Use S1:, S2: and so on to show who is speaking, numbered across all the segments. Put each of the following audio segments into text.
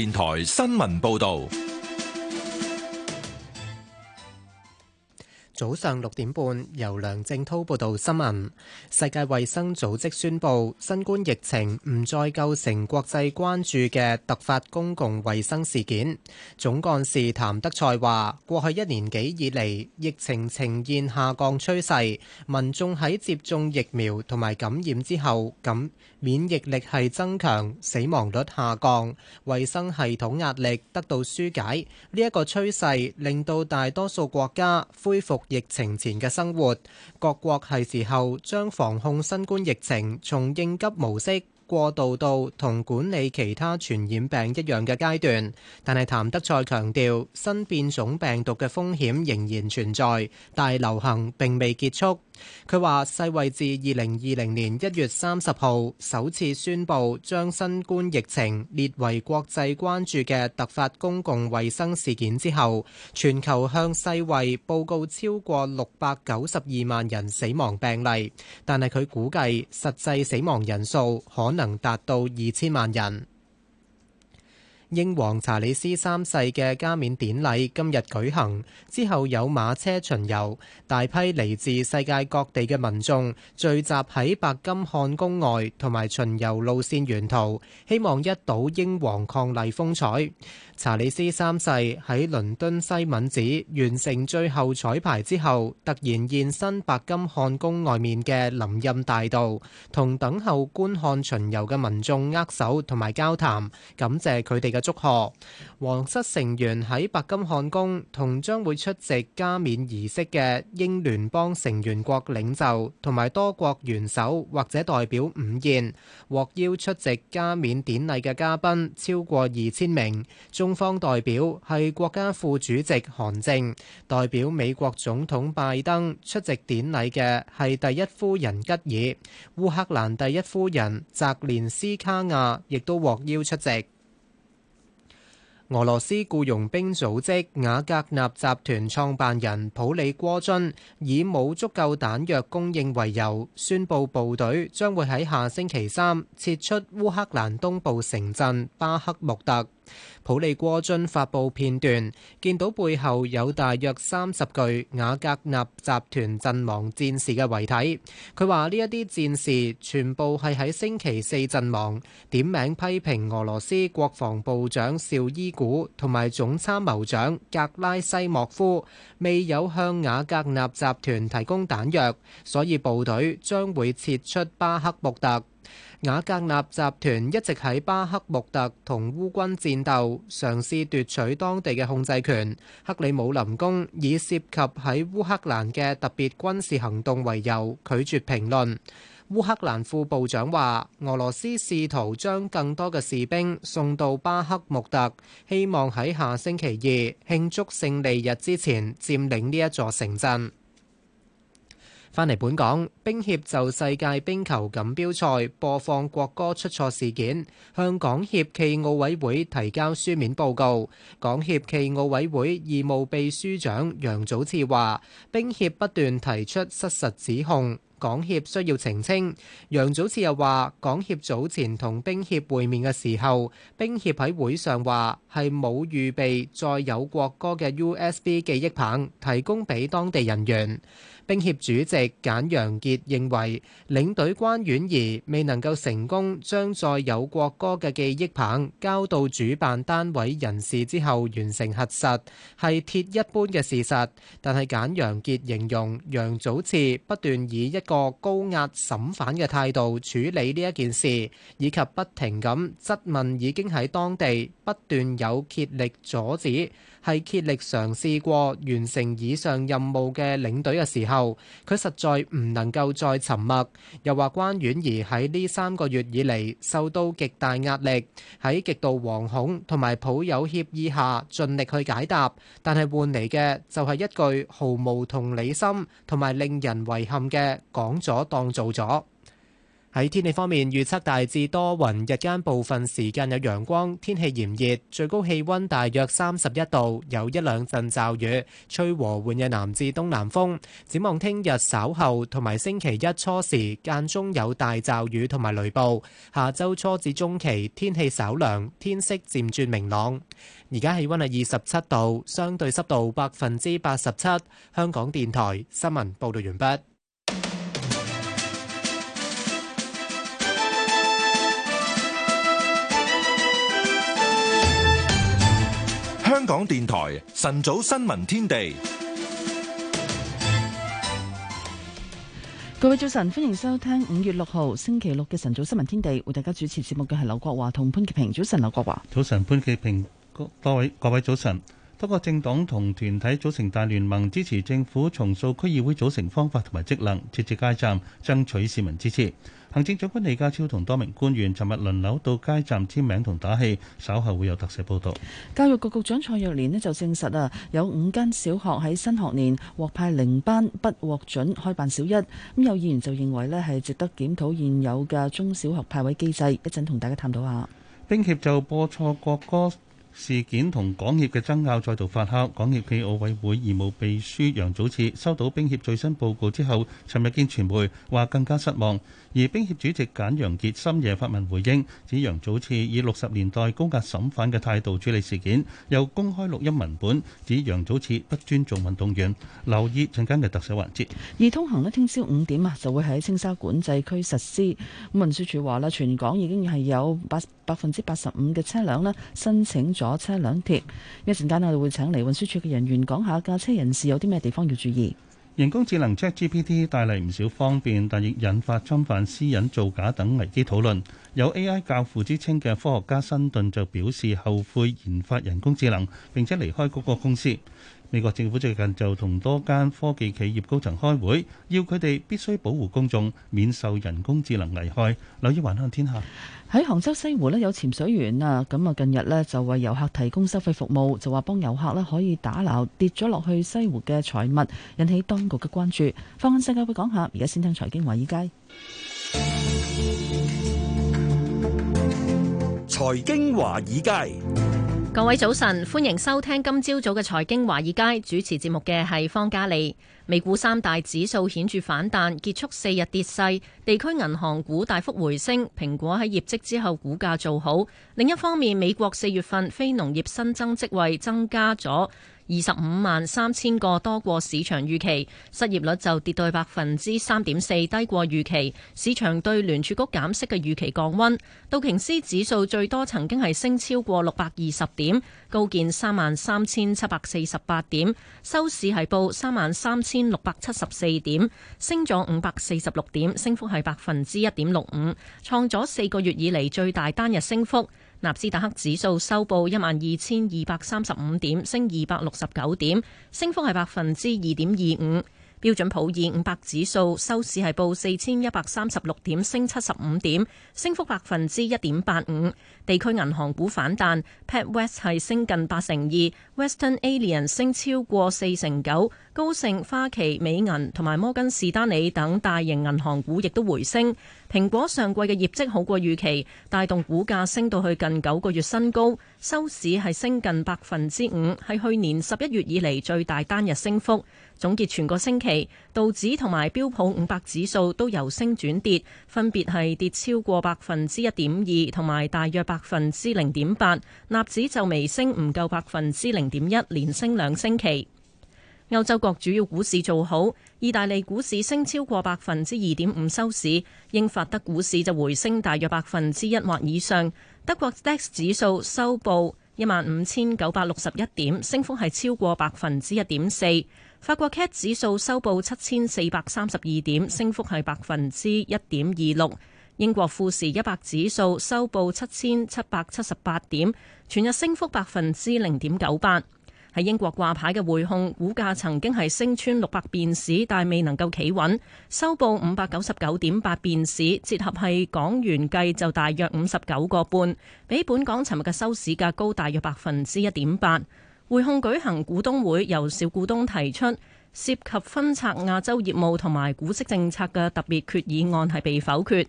S1: 電台新聞報道。早
S2: 上六點半，由梁正滔報道新聞。世界衛生組織宣布，新冠疫情唔再構成國際關注嘅突發公共衛生事件。總幹事譚德塞話：過去一年幾以嚟，疫情呈現下降趨勢，民眾喺接種疫苗同埋感染之後，咁免疫力係增強，死亡率下降，衛生系統壓力得到紓解。呢一個趨勢令到大多數國家恢復。疫情前嘅生活，各國係時候將防控新冠疫情從應急模式。過渡到同管理其他傳染病一樣嘅階段，但係譚德塞強調新變種病毒嘅風險仍然存在，大流行並未結束。佢話世衛自二零二零年一月三十號首次宣布將新冠疫情列為國際關注嘅突發公共衛生事件之後，全球向世衛報告超過六百九十二萬人死亡病例，但係佢估計實際死亡人數可能能達到二千萬人。英皇查理斯三世嘅加冕典禮今日舉行，之後有馬車巡遊，大批嚟自世界各地嘅民眾聚集喺白金漢宮外同埋巡遊路線沿途，希望一睹英皇伉儷風采。查理斯三世喺倫敦西敏寺完成最後彩排之後，突然現身白金漢宮外面嘅林蔭大道，同等候觀看巡遊嘅民眾握手同埋交談，感謝佢哋嘅祝賀。皇室成員喺白金漢宮同將會出席加冕儀式嘅英聯邦成員國領袖同埋多國元首或者代表午宴，獲邀出席加冕典禮嘅嘉賓超過二千名。中方代表係國家副主席韓正，代表美國總統拜登出席典禮嘅係第一夫人吉爾。烏克蘭第一夫人澤連斯卡亞亦都獲邀出席。俄羅斯僱傭兵組織瓦格納集團創辦人普里戈津以冇足夠彈藥供應為由，宣佈部隊將會喺下星期三撤出烏克蘭東部城鎮巴克穆特。普里戈津發布片段，見到背後有大約三十具瓦格納集團陣亡戰士嘅遺體。佢話：呢一啲戰士全部係喺星期四陣亡，點名批評俄羅斯國防部長紹伊古同埋總參謀長格拉西莫夫未有向瓦格納集團提供彈藥，所以部隊將會撤出巴克穆特。瓦格納集團一直喺巴克穆特同烏軍戰鬥，嘗試奪取當地嘅控制權。克里姆林宮以涉及喺烏克蘭嘅特別軍事行動為由拒絕評論。烏克蘭副部長話：俄羅斯試圖將更多嘅士兵送到巴克穆特，希望喺下星期二慶祝勝利日之前佔領呢一座城鎮。翻嚟本港，冰協就世界冰球錦標賽播放國歌出錯事件，向港協暨奧委會提交書面報告。港協暨奧委會義務秘書長楊祖賜話，冰協不斷提出失實指控，港協需要澄清。楊祖賜又話，港協早前同冰協會面嘅時候，冰協喺會上話係冇預備再有國歌嘅 USB 記憶棒提供俾當地人員。冰協主席簡陽傑認為領隊關婉儀未能夠成功將載有國歌嘅記憶棒交到主辦單位人士，之後完成核實，係鐵一般嘅事實。但係簡陽傑形容楊祖慈不斷以一個高壓審犯嘅態度處理呢一件事，以及不停咁質問，已經喺當地不斷有竭力阻止，係竭力嘗試過完成以上任務嘅領隊嘅時候，佢實在唔能夠再沉默。又話關婉兒喺呢三個月以嚟受到極大壓力，喺極度惶恐同埋抱有歉意下盡力去解答，但係換嚟嘅就係一句毫無同理心同埋令人遺憾嘅講咗當做咗。喺天氣方面，預測大致多雲，日間部分時間有陽光，天氣炎熱，最高氣溫大約三十一度，有一兩陣驟雨，吹和緩嘅南至東南風。展望聽日稍後同埋星期一初時，間中有大驟雨同埋雷暴。下周初至中期天氣稍涼，天色漸轉明朗。而家氣溫係二十七度，相對濕度百分之八十七。香港電台新聞報道完畢。
S1: 港電台晨早新聞天地，
S3: 各位早晨，歡迎收聽五月六號星期六嘅晨早新聞天地，為大家主持節目嘅係劉國華同潘潔平。早晨，劉國華，
S4: 早晨，潘潔平，各位各位早晨。多個政黨同團體組成大聯盟，支持政府重塑區議會組成方法同埋職能，設置街站，爭取市民支持。行政長官李家超同多名官員尋日輪流到街站簽名同打氣，稍後會有特寫報道。
S3: 教育局局長蔡若蓮呢就證實啊，有五間小學喺新學年獲派零班，不獲准開辦小一。咁有議員就認為呢係值得檢討現有嘅中小學派位機制。一陣同大家探討下。
S4: 冰協就播錯國歌。事件同港協嘅爭拗再度發酵，港協暨奧委會義務秘書楊祖賜收到冰協最新報告之後，尋日見傳媒話更加失望。而兵協主席簡陽傑深夜發文回應，指楊祖恆以六十年代高壓審犯嘅態度處理事件，又公開錄音文本，指楊祖恆不尊重運動員。留意陣間嘅特首環
S3: 節。而通行呢，聽朝五點啊，就會喺青沙管制區實施。運輸署話啦，全港已經係有八百分之八十五嘅車輛啦，申請咗車輛貼。一陣間我哋會請嚟運輸署嘅人員講下駕車人士有啲咩地方要注意。人工
S4: 智能 ChatGPT 帶嚟唔少方便，但亦引發侵犯私隱、造假等危機討論。有 AI 教父之稱嘅科學家新頓就表示後悔研發人工智能，並且離開谷歌公司。美國政府最近就同多間科技企業高層開會，要佢哋必須保護公眾免受人工智能危害。留意《寰宇
S3: 天下》。喺杭州西湖咧，有潛水員啊，咁啊近日咧就為遊客提供收費服務，就話幫遊客咧可以打撈跌咗落去西湖嘅財物，引起當局嘅關注。《放眼世界》會講下，而家先聽財經華爾街。
S5: 財經華爾街。
S6: 各位早晨，歡迎收聽今朝早嘅財經華爾街。主持節目嘅係方嘉莉。美股三大指數顯著反彈，結束四日跌勢。地區銀行股大幅回升，蘋果喺業績之後股價做好。另一方面，美國四月份非農業新增職位增加咗。二十五萬三千個，多過市場預期，失業率就跌到百分之三點四，低過預期。市場對聯儲局減息嘅預期降溫。道瓊斯指數最多曾經係升超過六百二十點，高見三萬三千七百四十八點，收市係報三萬三千六百七十四點，升咗五百四十六點，升幅係百分之一點六五，創咗四個月以嚟最大單日升幅。納斯達克指數收報一萬二千二百三十五點，升二百六十九點，升幅係百分之二點二五。標準普爾五百指數收市係報四千一百三十六點，升七十五點，升幅百分之一點八五。地區銀行股反彈，PetWest 係升近八成二，Western Alien 升超過四成九。高盛、花旗、美銀同埋摩根士丹利等大型銀行股亦都回升。蘋果上季嘅業績好過預期，帶動股價升到去近九個月新高，收市係升近百分之五，係去年十一月以嚟最大單日升幅。總結全個星期，道指同埋標普五百指數都由升轉跌，分別係跌超過百分之一點二同埋大約百分之零點八。納指就微升，唔夠百分之零點一，連升兩星期。歐洲國主要股市做好，意大利股市升超過百分之二點五收市，英法德股市就回升大約百分之一或以上。德國 DAX 指數收報一萬五千九百六十一點，升幅係超過百分之一點四。法國 CAC 指數收報七千四百三十二點，升幅係百分之一點二六。英國富時一百指數收報七千七百七十八點，全日升幅百分之零點九八。喺英國掛牌嘅匯控股價曾經係升穿六百便士，但係未能夠企穩，收報五百九十九點八便士，折合係港元計就大約五十九個半，比本港尋日嘅收市價高大約百分之一點八。匯控舉行股東會，由小股東提出涉及分拆亞洲業務同埋股息政策嘅特別決議案係被否決。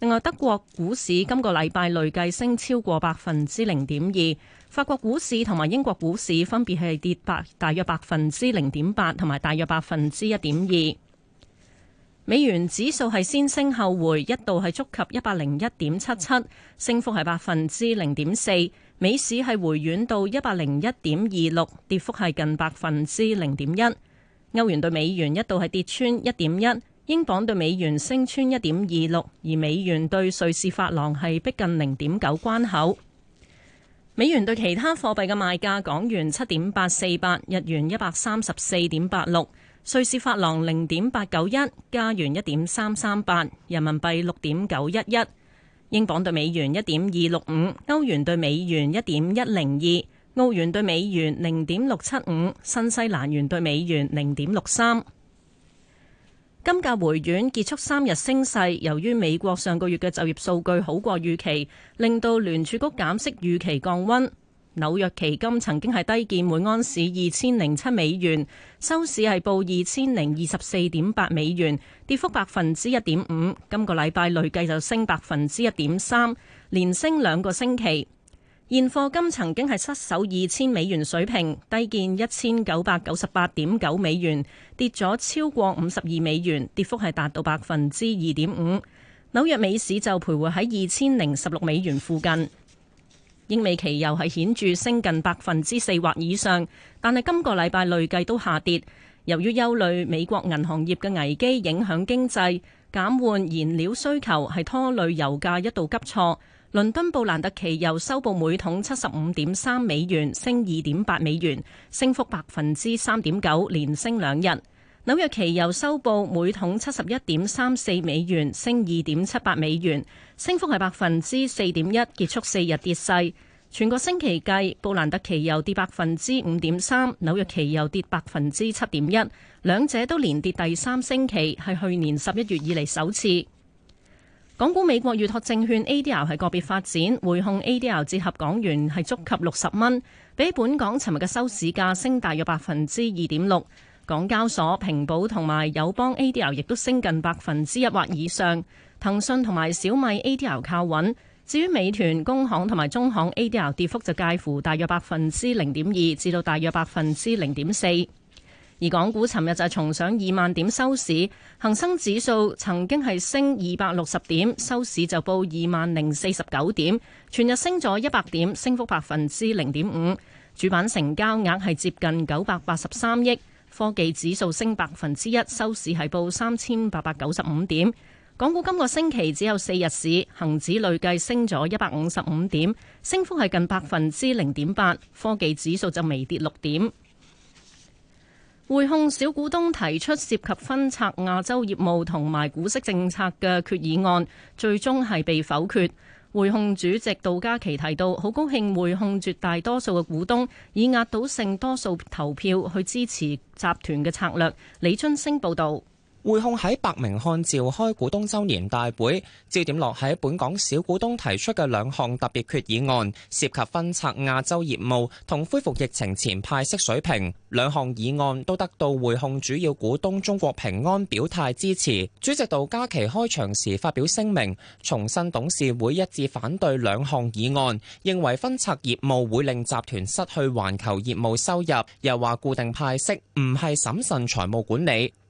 S6: 另外，德國股市今個禮拜累計升超過百分之零點二。法國股市同埋英國股市分別係跌百大約百分之零點八，同埋大約百分之一點二。美元指數係先升後回，一度係觸及一百零一點七七，升幅係百分之零點四。美市係回軟到一百零一點二六，跌幅係近百分之零點一。歐元對美元一度係跌穿一點一，英鎊對美元升穿一點二六，而美元對瑞士法郎係逼近零點九關口。美元對其他貨幣嘅賣價：港元七點八四八，日元一百三十四點八六，瑞士法郎零點八九一，加元一點三三八，人民幣六點九一一，英鎊對美元一點二六五，歐元對美元一點一零二，澳元對美元零點六七五，新西蘭元對美元零點六三。金價回軟結束三日升勢，由於美國上個月嘅就業數據好過預期，令到聯儲局減息預期降温。紐約期金曾經係低見每安士二千零七美元，收市係報二千零二十四點八美元，跌幅百分之一點五。今個禮拜累計就升百分之一點三，連升兩個星期。現貨金曾經係失守二千美元水平，低見一千九百九十八點九美元，跌咗超過五十二美元，跌幅係達到百分之二點五。紐約美市就徘徊喺二千零十六美元附近。英美期油係顯著升近百分之四或以上，但係今個禮拜累計都下跌。由於憂慮美國銀行業嘅危機影響經濟，減緩燃料需求係拖累油價一度急挫。倫敦布蘭特期油收報每桶七十五點三美元，升二點八美元，升幅百分之三點九，連升兩日。紐約期油收報每桶七十一點三四美元，升二點七八美元，升幅係百分之四點一，結束四日跌勢。全個星期計，布蘭特期油跌百分之五點三，紐約期油跌百分之七點一，兩者都連跌第三星期，係去年十一月以嚟首次。港股美國預託證券 ADR 係個別發展，匯控 ADR 折合港元係觸及六十蚊，比本港尋日嘅收市價升大約百分之二點六。港交所、平保同埋友邦 ADR 亦都升近百分之一或以上。騰訊同埋小米 ADR 靠穩，至於美團、工行同埋中行 ADR 跌幅，就介乎大約百分之零點二至到大約百分之零點四。而港股尋日就係重上二萬點收市，恒生指數曾經係升二百六十點，收市就報二萬零四十九點，全日升咗一百點，升幅百分之零點五。主板成交額係接近九百八十三億，科技指數升百分之一，收市係報三千八百九十五點。港股今個星期只有四日市，恒指累計升咗一百五十五點，升幅係近百分之零點八，科技指數就微跌六點。匯控小股東提出涉及分拆亞洲業務同埋股息政策嘅決議案，最終係被否決。匯控主席杜嘉祺提到，好高興匯控絕大多數嘅股東以壓倒性多數投票去支持集團嘅策略。李春升報道。
S7: 匯控喺伯明翰召開股東周年大會，焦點落喺本港小股東提出嘅兩項特別決議案，涉及分拆亞洲業務同恢復疫情前派息水平。兩項議案都得到匯控主要股東中國平安表態支持。主席杜嘉祺開場時發表聲明，重申董事會一致反對兩項議案，認為分拆業務會令集團失去環球業務收入，又話固定派息唔係審慎財務管理。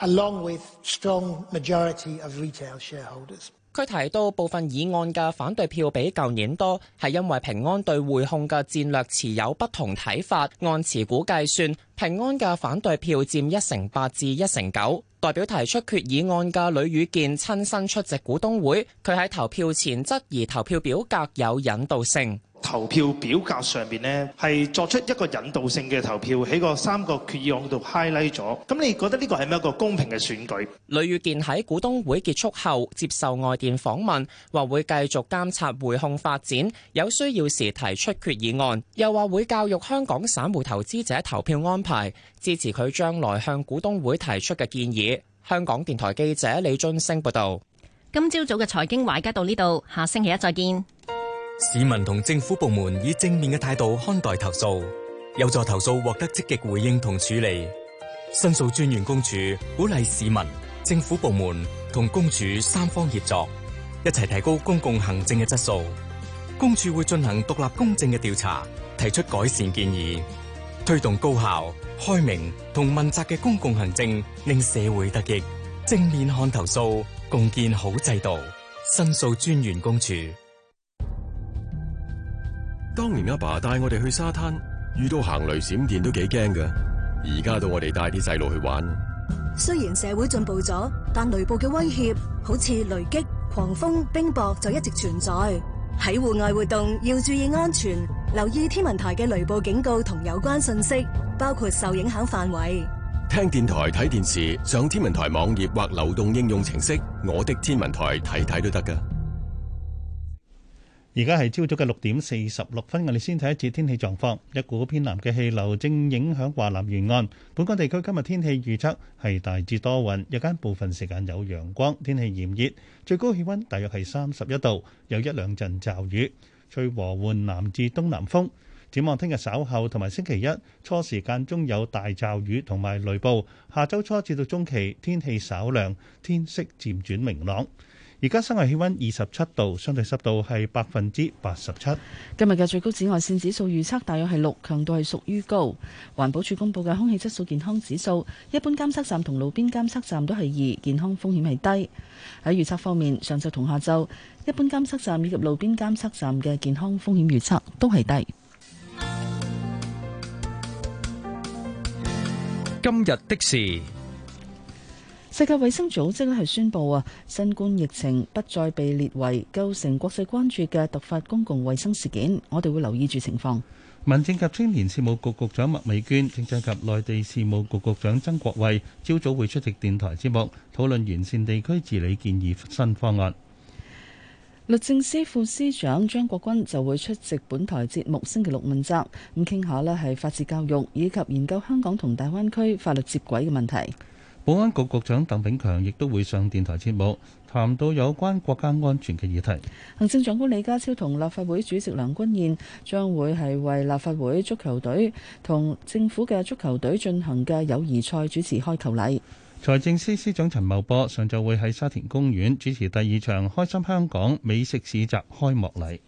S8: Along with strong majority of retail shareholders,
S7: 佢提到部分議案嘅反對票比舊年多，係因為平安對匯控嘅戰略持有不同睇法。按持股計算，平安嘅反對票佔一成八至一成九。代表提出決議案嘅呂宇健親身出席股東會，佢喺投票前質疑投票表格有引導性。投
S9: 票表格上面呢，係作出一個引導
S7: 性嘅投票喺個三個決議案度 highlight 咗。咁你覺得呢個係咪一個公平嘅選舉？呂宇健喺股東會結束後接受外電訪問，話會繼續監察匯控發展，有需要時提出決議案，又話會教育香港散戶投資者投票安排，支持佢將來向股東會提出嘅建議，香港電台記者李津升報道。
S6: 今朝早嘅財經話家到呢度，下星期一再見。
S7: 市民同政府部門以正面嘅態度看待投訴，有助投訴獲得積極回應同處理。申訴專員公署鼓勵市民、政府部門同公署三方協作，一齊提高公共行政嘅質素。公署會進行獨立公正嘅調查，提出改善建議，推動高效、開明同問責嘅公共行政，令社會得益。正面看投訴，共建好制度。申訴專員公署。當年阿爸帶我哋去沙灘，遇到行雷
S5: 閃電都幾驚噶。而家到我哋帶啲細路去玩，
S6: 雖然社會進步咗，但雷暴嘅威脅好似雷擊、狂風、冰雹就一直存在。喺戶外活動要注意安全，留意天文台嘅雷暴警告同有關信息，包括受影響範圍。
S5: 聽電台、睇電視、上天文台網頁或流動應用程式《我的天文台》看看，睇睇都得噶。
S4: 而家係朝早嘅六點四十六分，我哋先睇一次天氣狀況。一股偏南嘅氣流正影響華南沿岸，本港地區今日天氣預測係大致多雲，日間部分時間有陽光，天氣炎熱，最高氣溫大約係三十一度，有一兩陣驟雨，吹和緩南至東南風。展望聽日稍後同埋星期一初時間中有大驟雨同埋雷暴，下週初至到中期天氣稍涼，天色漸轉明朗。而家室外氣溫二十七度，相對濕度係百分之八十七。
S3: 今日嘅最高紫外線指數預測大約係六，強度係屬於高。環保署公布嘅空氣質素健康指數，一般監測站同路邊監測站都係二，健康風險係低。喺預測方面，上晝同下晝，一般監測站以及路邊監測站嘅健康風險預測都係低。
S10: 今日的事。
S3: 世界衛生組織咧係宣布啊，新冠疫情不再被列為構成國際關注嘅突發公共衛生事件。我哋會留意住情況。
S4: 民政及青年事務局局局長麥美娟，政制及內地事務局局長曾國衛，朝早會出席電台節目，討論完善地區治理建議新方案。
S3: 律政司副司長張國軍就會出席本台節目星期六問責，咁傾下呢係法治教育以及研究香港同大灣區法律接軌嘅問題。
S4: 保安局局長鄧炳強亦都會上電台節目，談到有關國家安全嘅議題。
S3: 行政長官李家超同立法會主席梁君彥將會係為立法會足球隊同政府嘅足球隊進行嘅友誼賽主持開球禮。
S4: 財政司司長陳茂波上晝會喺沙田公園主持第二場開心香港美食市集開幕禮。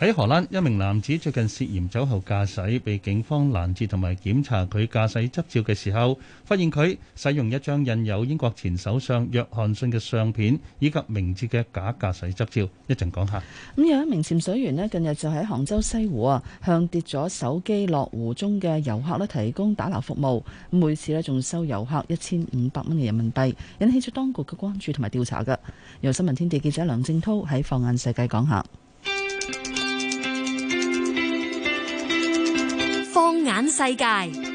S4: 喺荷蘭，一名男子最近涉嫌酒後駕駛，被警方攔截同埋檢查佢駕駛執照嘅時候，發現佢使用一張印有英國前首相約翰遜嘅相片以及名字嘅假駕駛執照。一陣講下。咁
S3: 有、嗯、一名潛水員咧，近日就喺杭州西湖啊，向跌咗手機落湖中嘅遊客咧提供打撈服務。每次咧仲收遊客一千五百蚊嘅人民幣，引起咗當局嘅關注同埋調查嘅。由新聞天地記者梁正滔喺放眼世界講下。
S6: 眼世界。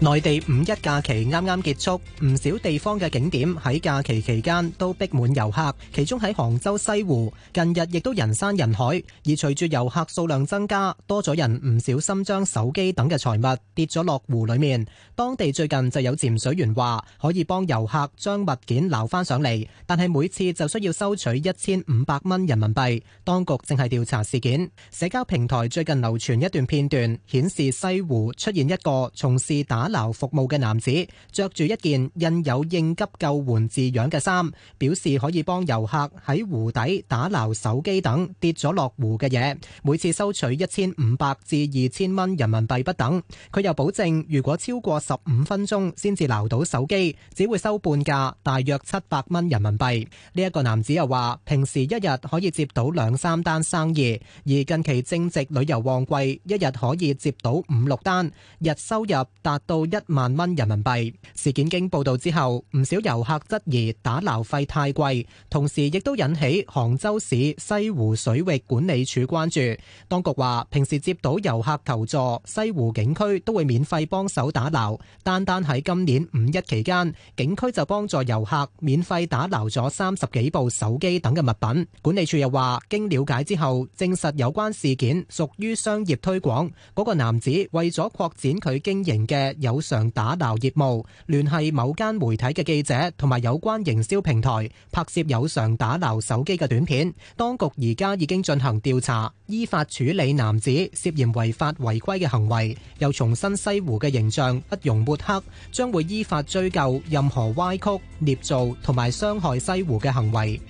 S2: 內地五一假期啱啱結束，唔少地方嘅景點喺假期期間都逼滿遊客，其中喺杭州西湖近日亦都人山人海。而隨住遊客數量增加，多咗人唔小心將手機等嘅財物跌咗落湖裏面。當地最近就有潛水員話可以幫遊客將物件撈翻上嚟，但係每次就需要收取一千五百蚊人民幣。當局正係調查事件。社交平台最近流傳一段片段，顯示西湖出現一個從事打。打撈服務嘅男子着住一件印有應急救援字樣嘅衫，表示可以幫遊客喺湖底打撈手機等跌咗落湖嘅嘢，每次收取一千五百至二千蚊人民幣不等。佢又保證，如果超過十五分鐘先至撈到手機，只會收半價，大約七百蚊人民幣。呢一個男子又話，平時一日可以接到兩三單生意，而近期正值旅遊旺季，一日可以接到五六單，日收入達到。1> 到一萬蚊人民幣，事件經報道之後，唔少遊客質疑打撈費太貴，同時亦都引起杭州市西湖水域管理處關注。當局話，平時接到遊客求助，西湖景區都會免費幫手打撈。單單喺今年五一期間，景區就幫助遊客免費打撈咗三十幾部手機等嘅物品。管理處又話，經了解之後，證實有關事件屬於商業推廣。嗰、那個男子為咗擴展佢經營嘅。有償打撈業務，聯繫某間媒體嘅記者同埋有關營銷平台，拍攝有償打撈手機嘅短片。當局而家已經進行調查，依法處理男子涉嫌違法違規嘅行為。又重申西湖嘅形象不容抹黑，將會依法追究任何歪曲、捏造同埋傷害西湖嘅行為。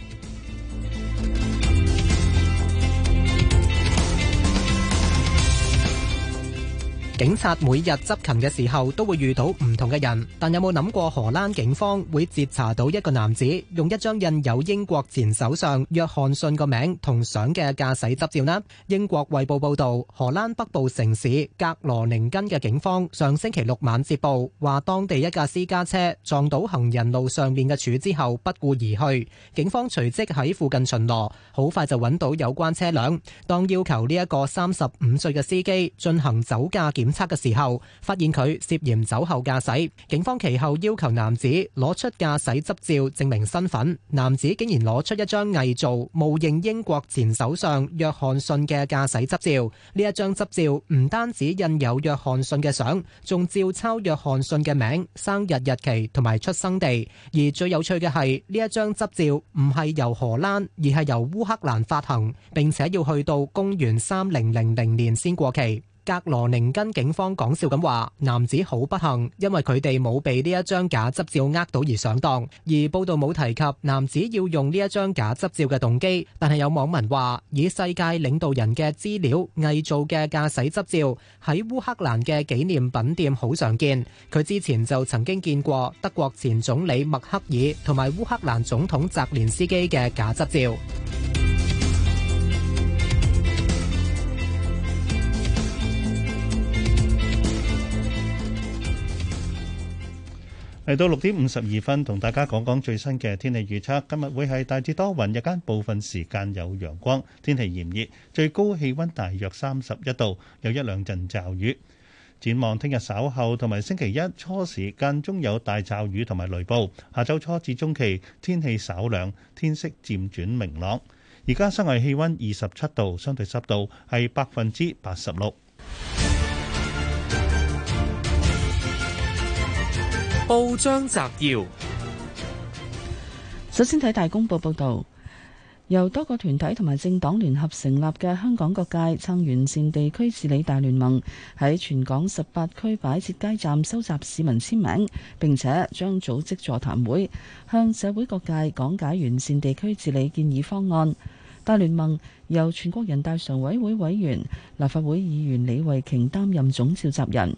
S2: 警察每日執勤嘅時候都會遇到唔同嘅人，但有冇諗過荷蘭警方會截查到一個男子用一張印有英國前首相約翰遜個名同相嘅駕駛執照呢？英國衛報報道，荷蘭北部城市格羅寧根嘅警方上星期六晚接報話當地一架私家車撞到行人路上面嘅柱之後不顧而去。警方隨即喺附近巡邏，好快就揾到有關車輛，當要求呢一個三十五歲嘅司機進行酒駕檢檢測嘅時候，發現佢涉嫌酒後駕駛。警方其後要求男子攞出駕駛執照證明身份，男子竟然攞出一張偽造冒認英國前首相約翰遜嘅駕駛執照。呢一張執照唔單止印有約翰遜嘅相，仲照抄約翰遜嘅名、生日、日期同埋出生地。而最有趣嘅係，呢一張執照唔係由荷蘭，而係由烏克蘭發行，並且要去到公元三零零零年先過期。格羅寧根警方講笑咁話：男子好不幸，因為佢哋冇被呢一張假執照呃到而上當。而報道冇提及男子要用呢一張假執照嘅動機，但係有網民話，以世界領導人嘅資料偽造嘅駕駛執照喺烏克蘭嘅紀念品店好常見。佢之前就曾經見過德國前總理默克爾同埋烏克蘭總統澤連斯基嘅假執照。
S4: 嚟到六點五十二分，同大家講講最新嘅天氣預測。今日會係大致多雲，日間部分時間有陽光，天氣炎熱，最高氣溫大約三十一度，有一兩陣驟雨。展望聽日稍後同埋星期一初時，間中有大驟雨同埋雷暴。下周初至中期天氣稍涼，天色漸轉明朗。而家室外氣溫二十七度，相對濕度係百分之八十
S11: 六。報章摘要：
S3: 首先睇大公報報道，由多個團體同埋政黨聯合成立嘅香港各界撐完善地區治理大聯盟，喺全港十八區擺設街站收集市民簽名，並且將組織座談會，向社會各界講解完善地區治理建議方案。大聯盟由全國人大常委會委員、立法會議員李慧瓊擔任總召集人。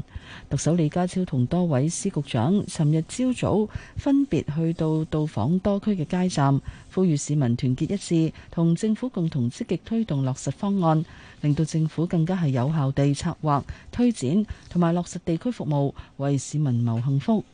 S3: 特首李家超同多位司局長尋日朝早分別去到到訪多區嘅街站，呼籲市民團結一致，同政府共同積極推動落實方案，令到政府更加係有效地策劃、推展同埋落實地區服務，為市民謀幸福。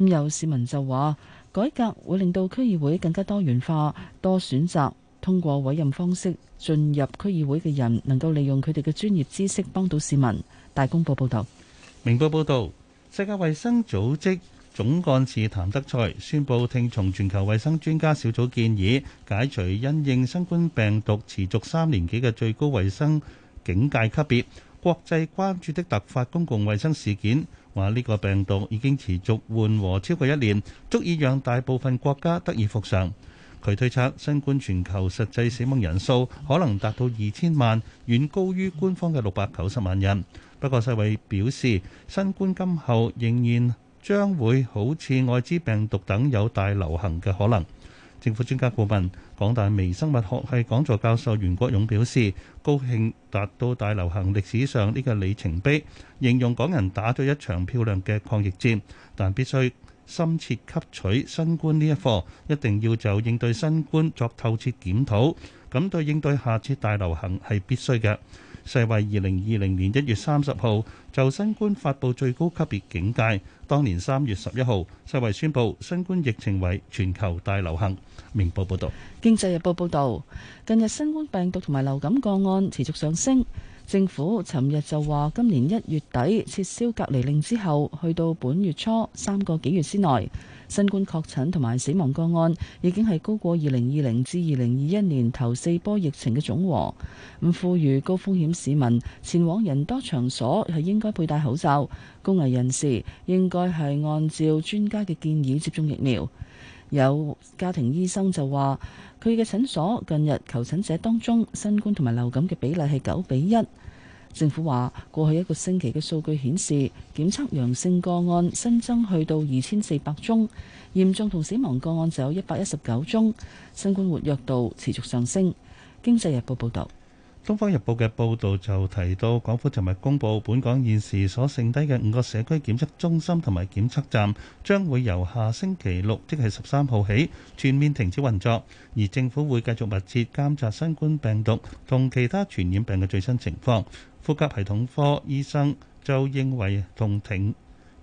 S3: 咁有市民就話：改革會令到區議會更加多元化、多選擇。通過委任方式進入區議會嘅人，能夠利用佢哋嘅專業知識幫到市民。大公報報道：
S4: 「明報報道，世界衛生組織總幹事譚德塞宣布聽從全球衛生專家小組建議，解除因應新冠病毒持續三年幾嘅最高衛生警戒級別。國際關注的突發公共衛生事件，話，呢個病毒已經持續緩和超過一年，足以讓大部分國家得以復常。佢推測新冠全球實際死亡人數可能達到二千萬遠高於官方嘅六百九十萬人。不過世衛表示，新冠今後仍然將會好似艾滋病毒等有大流行嘅可能。政府專家顧問、港大微生物學系講座教授袁國勇表示，高興達到大流行歷史上呢個里程碑，形容港人打咗一場漂亮嘅抗疫戰，但必須。深切吸取新冠呢一課，一定要就應對新冠作透徹檢討。咁對應對下次大流行係必須嘅。世衛二零二零年一月三十號就新冠發布最高級別警戒，當年三月十一號世衛宣布新冠疫情為全球大流行。明報報道，
S3: 《經濟日報》報道，近日新冠病毒同埋流感個案持續上升。政府尋日就話，今年一月底撤銷隔離令之後，去到本月初三個幾月之內，新冠確診同埋死亡個案已經係高過二零二零至二零二一年頭四波疫情嘅總和。咁，呼籲高風險市民前往人多場所係應該佩戴口罩，高危人士應該係按照專家嘅建議接種疫苗。有家庭醫生就話，佢嘅診所近日求診者當中新冠同埋流感嘅比例係九比一。政府話，過去一個星期嘅數據顯示，檢測陽性個案新增去到二千四百宗，嚴重同死亡個案就有一百一十九宗。新冠活躍度持續上升。經濟日報報道。
S4: 《東方日報》嘅報導就提到，港府尋日公布本港現時所剩低嘅五個社區檢測中心同埋檢測站，將會由下星期六，即係十三號起全面停止運作，而政府會繼續密切監察新冠病毒同其他傳染病嘅最新情況。呼吸系統科醫生就認為同停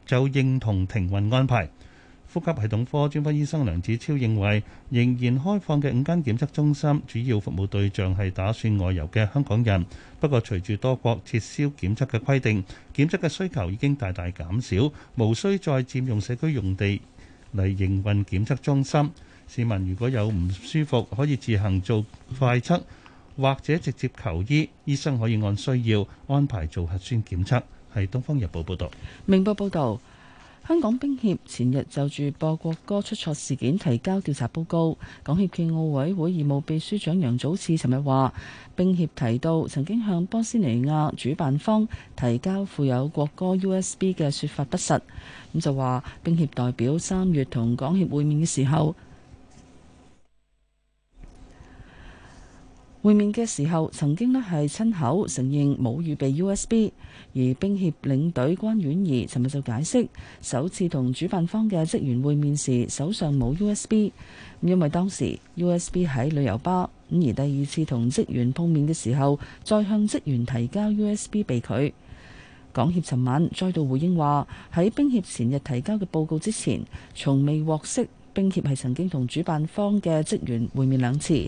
S4: 就認同停運安排。呼吸系統科專科醫生梁子超認為，仍然開放嘅五間檢測中心，主要服務對象係打算外遊嘅香港人。不過，隨住多國撤銷檢測嘅規定，檢測嘅需求已經大大減少，無需再佔用社區用地嚟營運檢測中心。市民如果有唔舒服，可以自行做快測，或者直接求醫，醫生可以按需要安排做核酸檢測。喺《東方日報》報道，
S3: 《明報》報道。香港冰協前日就住播國歌出錯事件提交調查報告。港協暨奧委會義務秘書長楊祖賜尋日話，冰協提到曾經向波斯尼亞主辦方提交附有國歌 USB 嘅說法不實，咁就話冰協代表三月同港協會面嘅時候。會面嘅時候，曾經咧係親口承認冇預備 USB。而冰協領隊關婉儀尋日就解釋，首次同主辦方嘅職員會面時手上冇 USB，因為當時 USB 喺旅遊巴。咁而第二次同職員碰面嘅時候，再向職員提交 USB 被拒。港協尋晚再度回應話，喺冰協前日提交嘅報告之前，從未獲悉冰協係曾經同主辦方嘅職員會面兩次。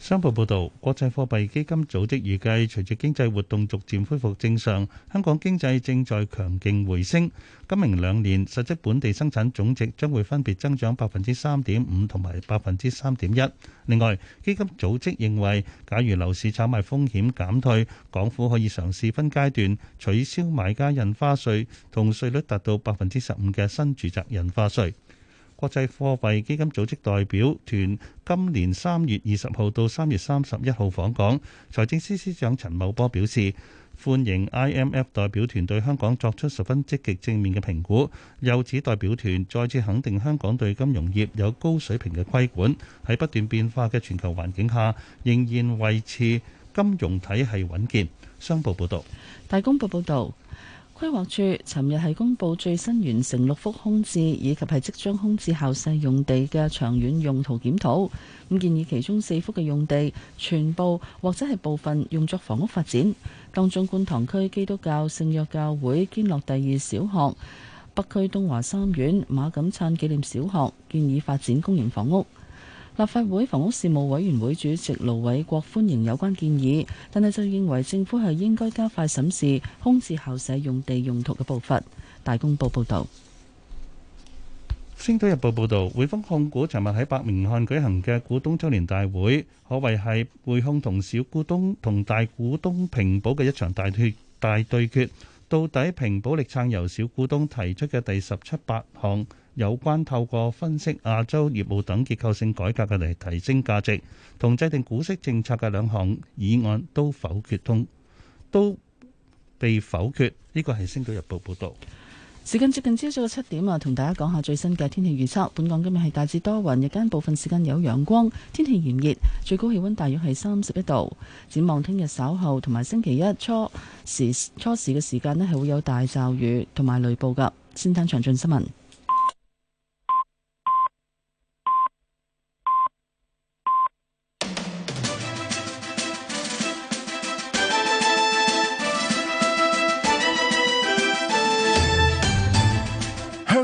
S3: 商
S4: 報報導，國際貨幣基金組織預計，隨住經濟活動逐漸恢復正常，香港經濟正在強勁回升。今明兩年實質本地生產總值將會分別增長百分之三點五同埋百分之三點一。另外，基金組織認為，假如樓市炒賣風險減退，港府可以嘗試分階段取消買家印花稅同稅率達到百分之十五嘅新住宅印花稅。國際貨幣基金組織代表團今年三月二十號到三月三十一號訪港，財政司司長陳茂波表示歡迎 IMF 代表團對香港作出十分積極正面嘅評估，又指代表團再次肯定香港對金融業有高水平嘅規管，喺不斷變化嘅全球環境下，仍然維持金融體系穩健。商報報導，
S3: 大公報報導。規劃處尋日係公布最新完成六幅空置以及係即將空置校舍用地嘅長遠用途檢討，咁建議其中四幅嘅用地全部或者係部分用作房屋發展，當中觀塘區基督教聖約教會堅樂第二小學、北區東華三院馬錦燦紀念小學建議發展公營房屋。立法會房屋事務委員會主席盧偉國歡迎有關建議，但係就認為政府係應該加快審視空置校舍用地用途嘅步伐。大公報報導，《星
S4: 島日報》報導，匯豐控股尋日喺伯明翰舉行嘅股東周年大會，可謂係匯控同小股東同大股東平保嘅一場大對大對決。到底平保力撐由小股東提出嘅第十七八項有關透過分析亞洲業務等結構性改革嘅嚟提升價值，同制定股息政策嘅兩項議案都否決通，都被否決。呢個係《星島日報》報導。
S3: 時間接近朝早嘅七點啊，同大家講下最新嘅天氣預測。本港今日係大致多雲，日間部分時間有陽光，天氣炎熱，最高氣温大約係三十一度。展望聽日稍後同埋星期一初時初時嘅時間咧，係會有大驟雨同埋雷暴㗎。先睇詳盡新聞。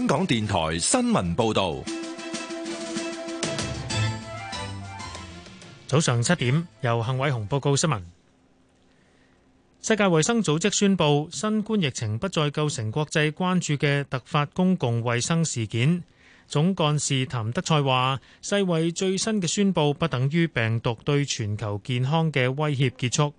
S1: 香港電台新聞報
S10: 道，早上七點由幸偉雄報告新聞。世界衛生組織宣佈，新冠疫情不再構成國際關注嘅突發公共衛生事件。總幹事譚德塞話：世衛最新嘅宣佈，不等於病毒對全球健康嘅威脅結束。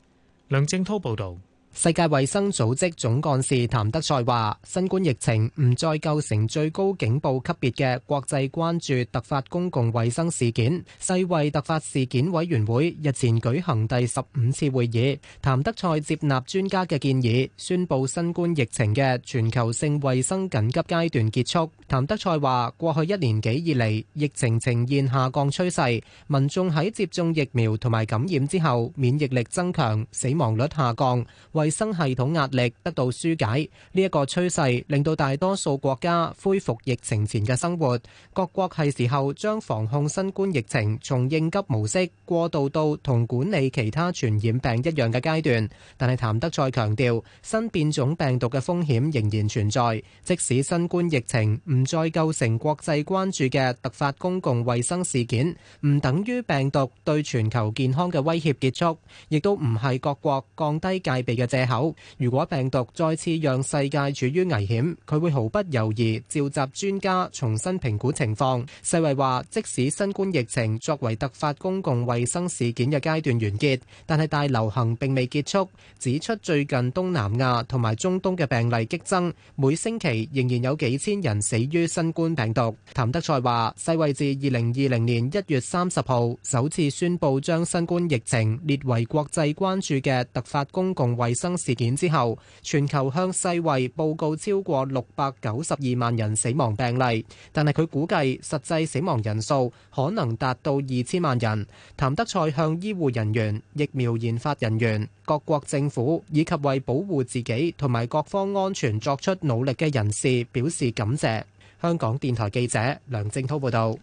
S10: 梁正濤報道。
S2: 世界衛生組織總幹事譚德塞話：新冠疫情唔再構成最高警報級別嘅國際關注突發公共衛生事件。世衛突發事件委員會日前舉行第十五次會議，譚德塞接納專家嘅建議，宣布新冠疫情嘅全球性衛生緊急階段結束。譚德塞話：過去一年幾以嚟，疫情呈現下降趨勢，民眾喺接種疫苗同埋感染之後，免疫力增強，死亡率下降。為衛生系統壓力得到紓解，呢一個趨勢令到大多數國家恢復疫情前嘅生活。各國係時候將防控新冠疫情從應急模式過渡到同管理其他傳染病一樣嘅階段。但係譚德賽強調，新變種病毒嘅風險仍然存在，即使新冠疫情唔再構成國際關注嘅突發公共衛生事件，唔等於病毒對全球健康嘅威脅結束，亦都唔係各國降低戒備嘅藉口，如果病毒再次讓世界處於危險，佢會毫不猶豫召集專家重新評估情況。世衞話，即使新冠疫情作為突發公共衛生事件嘅階段完結，但係大流行並未結束。指出最近東南亞同埋中東嘅病例激增，每星期仍然有幾千人死於新冠病毒。譚德塞話，世衞自二零二零年一月三十號首次宣布將新冠疫情列為國際關注嘅突發公共衛生事件之後，全球向世衛報告超過六百九十二萬人死亡病例，但係佢估計實際死亡人數可能達到二千萬人。譚德塞向醫護人員、疫苗研發人員、各國政府以及為保護自己同埋各方安全作出努力嘅人士表示感謝。香港電台記者
S10: 梁正濤報道。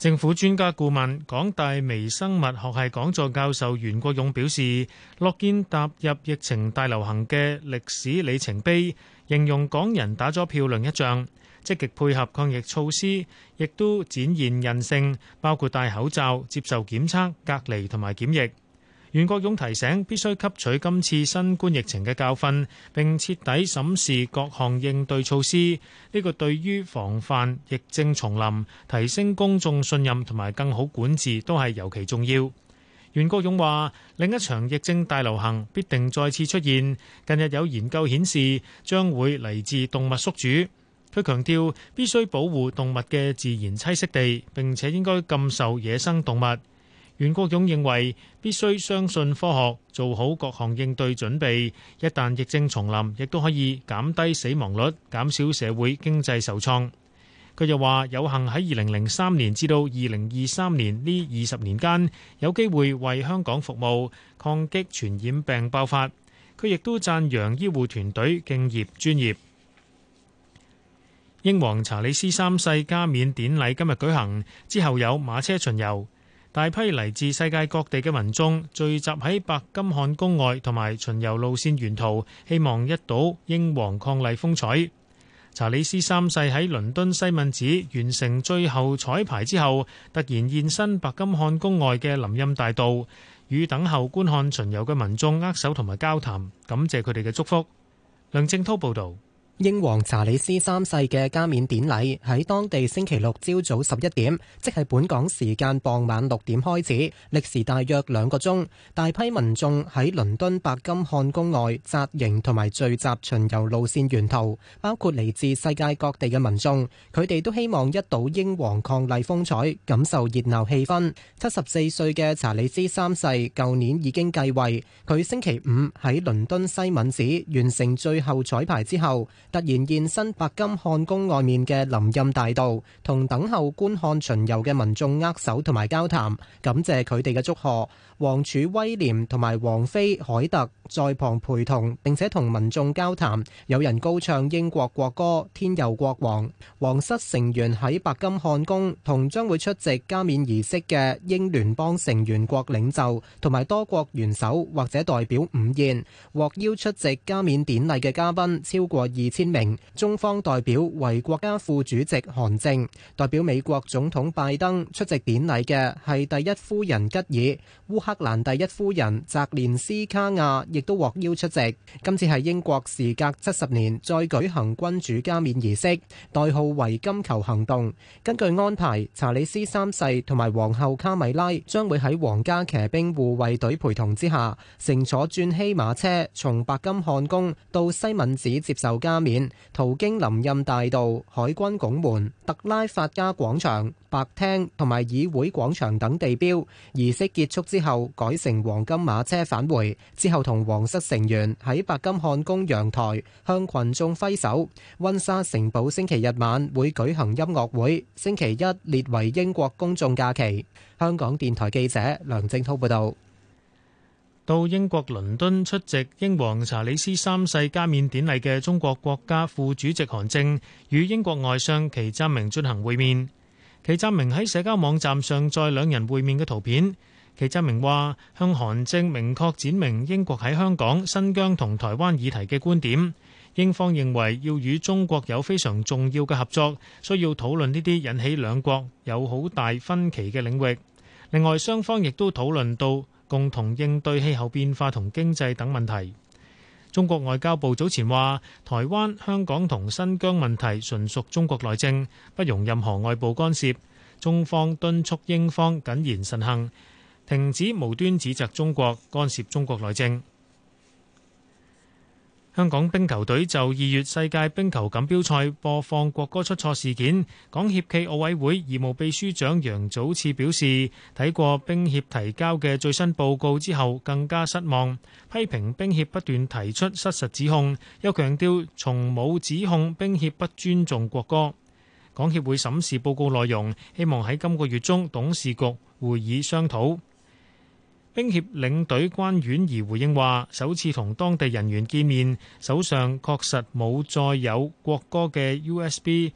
S10: 政府專家顧問、港大微生物學系講座教授袁國勇表示，樂見踏入疫情大流行嘅歷史里程碑，形容港人打咗漂亮一仗，積極配合抗疫措施，亦都展現人性，包括戴口罩、接受檢測、隔離同埋檢疫。袁國勇提醒，必須吸取今次新冠疫情嘅教訓，並徹底審視各項應對措施。呢個對於防範疫症重臨、提升公眾信任同埋更好管治都係尤其重要。袁國勇話：另一場疫症大流行必定再次出現。近日有研究顯示，將會嚟自動物宿主。佢強調必須保護動物嘅自然棲息地，並且應該禁售野生動物。袁國勇認為必須相信科學，做好各項應對準備。一旦疫症重臨，亦都可以減低死亡率，減少社會經濟受創。佢又話：有幸喺二零零三年至到二零二三年呢二十年間，有機會為香港服務，抗擊傳染病爆發。佢亦都讚揚醫護團隊敬業專業。英皇查理斯三世加冕典禮今日舉行，之後有馬車巡遊。大批嚟自世界各地嘅民眾聚集喺白金漢宮外同埋巡遊路線沿途，希望一睹英皇伉儷風采。查理斯三世喺倫敦西敏寺完成最後彩排之後，突然現身白金漢宮外嘅林蔭大道，與等候觀看巡遊嘅民眾握手同埋交談，感謝佢哋嘅祝福。梁正濤報道。
S2: 英皇查理斯三世嘅加冕典禮喺當地星期六朝早十一點，即係本港時間傍晚六點開始，歷時大約兩個鐘。大批民眾喺倫敦白金漢宮外紮營同埋聚集巡遊路線沿途，包括嚟自世界各地嘅民眾。佢哋都希望一睹英皇伉儷風采，感受熱鬧氣氛。七十四歲嘅查理斯三世，舊年已經繼位。佢星期五喺倫敦西敏寺完成最後彩排之後。突然現身白金漢宮外面嘅林蔭大道，同等候觀看巡遊嘅民眾握手同埋交談，感謝佢哋嘅祝賀。王儲威廉同埋王妃凱特。在旁陪同並且同民眾交談，有人高唱英國國歌《天佑國王》。皇室成員喺白金漢宮同將會出席加冕儀式嘅英聯邦成員國領袖同埋多國元首或者代表午宴。獲邀出席加冕典禮嘅嘉賓超過二千名。中方代表為國家副主席韓正，代表美國總統拜登出席典禮嘅係第一夫人吉爾，烏克蘭第一夫人澤連斯卡亞亦都獲邀出席。今次係英國時隔七十年再舉行君主加冕儀式，代號為金球行動。根據安排，查理斯三世同埋皇后卡米拉將會喺皇家騎兵護衛隊陪同之下，乘坐鑽禧馬車從白金漢宮到西敏寺接受加冕，途經林蔭大道、海軍拱門、特拉法加廣場、白廳同埋議會廣場等地標。儀式結束之後，改乘黃金馬車返回，之後同。皇室成員喺白金漢宮陽台向群眾揮手。温莎城堡星期日晚會舉行音樂會，星期一列為英國公眾假期。香港電台記者梁正滔報導。
S10: 到英國倫敦出席英皇查理斯三世加冕典禮嘅中國國家副主席韓正與英國外相祁湛明進行會面。祁湛明喺社交網站上載兩人會面嘅圖片。其質明話：向韓正明確展明英國喺香港、新疆同台灣議題嘅觀點。英方認為要與中國有非常重要嘅合作，需要討論呢啲引起兩國有好大分歧嘅領域。另外，雙方亦都討論到共同應對氣候變化同經濟等問題。中國外交部早前話：台灣、香港同新疆問題純屬中國內政，不容任何外部干涉。中方敦促英方謹言慎行。停止無端指責中國干涉中國內政。香港冰球隊就二月世界冰球錦標賽播放國歌出錯事件，港協暨奧委會義務秘書長楊祖次表示，睇過冰協提交嘅最新報告之後，更加失望，批評冰協不斷提出失實指控，又強調從冇指控冰協不尊重國歌。港協會審視報告內容，希望喺今個月中董事局會議商討。兵協領隊關婉儀回應話，首次同當地人員見面，手上確實冇再有國歌嘅 USB，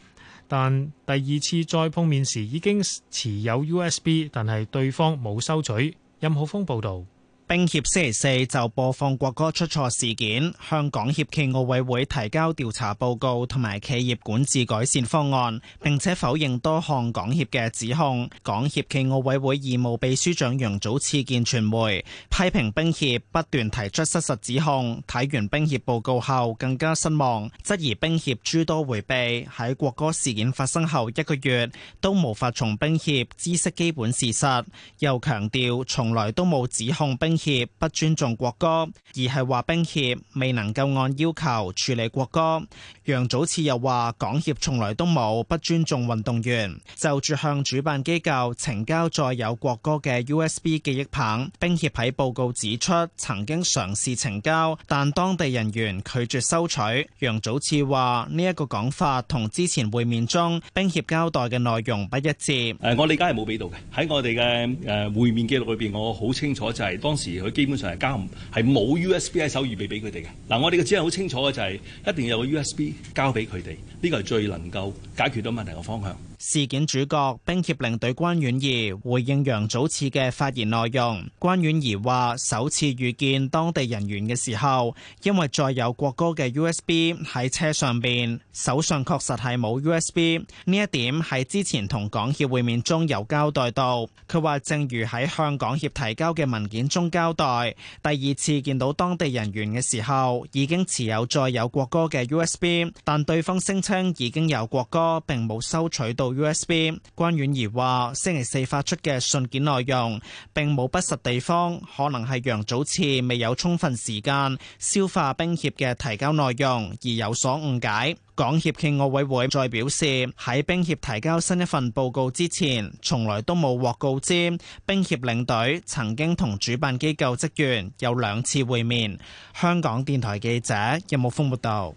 S10: 但第二次再碰面時已經持有 USB，但係對方冇收取。任浩峰報道。冰協星期四就播放國歌出錯事件，向港協
S12: 暨奧委會提交調查報告同埋企業管治改善方案，並且否認多項港協嘅指控。港協暨奧委會義務秘書長楊祖賜見傳媒，批評冰協不斷提出失實指控。睇完冰協報告後，更加失望，質疑冰協諸多回避。喺國歌事件發生後一個月，都無法從冰協知識基本事實。又強調從來都冇指控冰。協不尊重國歌，而係話冰協未能夠按要求處理國歌。楊祖賜又話港協從來都冇不尊重運動員，就住向主辦機構呈交載有國歌嘅 USB 記憶棒。冰協喺報告指出，曾經嘗試呈交，但當地人員拒絕收取。楊祖賜話呢一個講法同之前會面中冰協交代嘅內容不一致。誒，我理解係冇俾到嘅，喺我
S5: 哋嘅誒會面記錄裏邊，我好清楚就係當時。佢基本上係交，唔，係冇 USB 喺手預備俾佢哋嘅。嗱，我哋嘅指引好清楚嘅就係、是、一定要有個 USB 交俾佢哋，呢個係最能夠解決到問題嘅
S12: 方向。事件主角冰協領隊關婉儀回應楊祖賜嘅發言內容。關婉儀話：首次遇見當地人員嘅時候，因為載有國歌嘅 USB 喺車上邊，手上確實係冇 USB 呢一點喺之前同港協會面中有交代到。佢話：正如喺向港協提交嘅文件中交代，第二次見到當地人員嘅時候，已經持有載有國歌嘅 USB，但對方聲稱已經有國歌，並冇收取到。U.S.B. 關婉儀話：星期四發出嘅信件內容，並冇不實地方，可能係楊祖慈未有充分時間消化冰協嘅提交內容而有所誤解。港協暨奧委會再表示，喺冰協提交新一份報告之前，從來都冇獲告知冰協領隊曾經同主辦機構職員有兩次會面。香港電台記者任慕峰報道。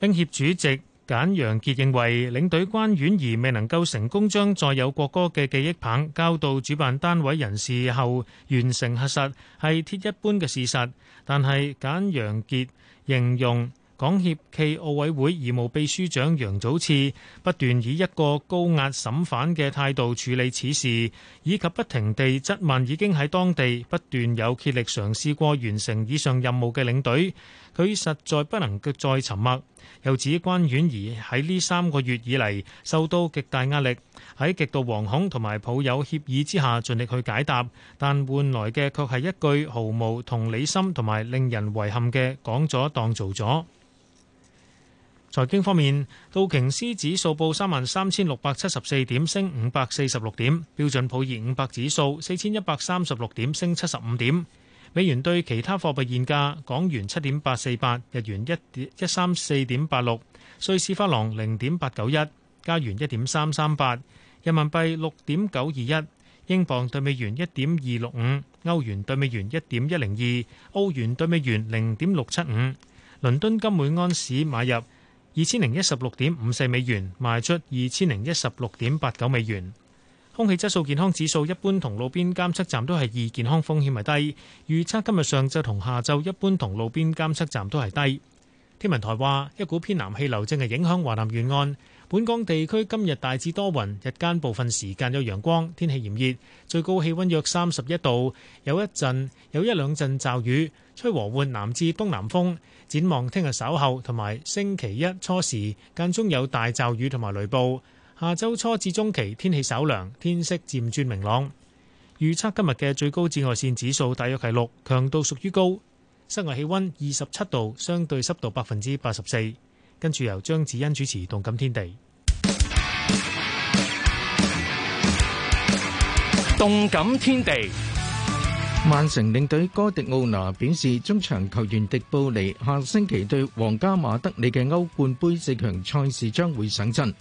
S10: 冰協主席。簡楊杰認為，領隊關婉儀未能夠成功將載有國歌嘅記憶棒交到主辦單位人士後完成核實，係鐵一般嘅事實。但係簡楊杰形容港協暨奧委會義務秘書長楊祖熾不斷以一個高壓審犯嘅態度處理此事，以及不停地質問已經喺當地不斷有竭力嘗試過完成以上任務嘅領隊。佢實在不能再沉默，又指關婉兒喺呢三個月以嚟受到極大壓力，喺極度惶恐同埋抱有歉意之下，盡力去解答，但換來嘅卻係一句毫無同理心同埋令人遺憾嘅講咗當做咗。財經方面，道瓊斯指數報三萬三千六百七十四點，升五百四十六點；標準普爾五百指數四千一百三十六點，升七十五點。美元兌其他貨幣現價：港元七點八四八，日元一點一三四點八六，瑞士法郎零點八九一，加元一點三三八，人民幣六點九二一，英鎊對美元一點二六五，歐元對美元一點一零二，澳元對美元零點六七五。倫敦金每安士買入二千零一十六點五四美元，賣出二千零一十六點八九美元。空氣質素健康指數一般同路邊監測站都係二，健康風險係低，預測今日上晝同下晝一般同路邊監測站都係低。天文台話，一股偏南氣流正係影響華南沿岸，本港地區今日大致多雲，日間部分時間有陽光，天氣炎熱，最高氣温約三十一度，有一陣有一兩陣驟雨，吹和緩南至東南風。展望聽日稍後同埋星期一初時間中有大驟雨同埋雷暴。下周初至中期天氣稍涼，天色漸轉明朗。預測今日嘅最高紫外線指數大約係六，強度屬於高。室外氣溫二十七度，相對濕度百分之八十四。跟住由張子欣主持《動感天地》。
S8: 《動感天地》。
S11: 曼城領隊哥迪奧拿表示，中場球員迪布尼下星期對皇家馬德里嘅歐冠杯四強賽事將會上陣。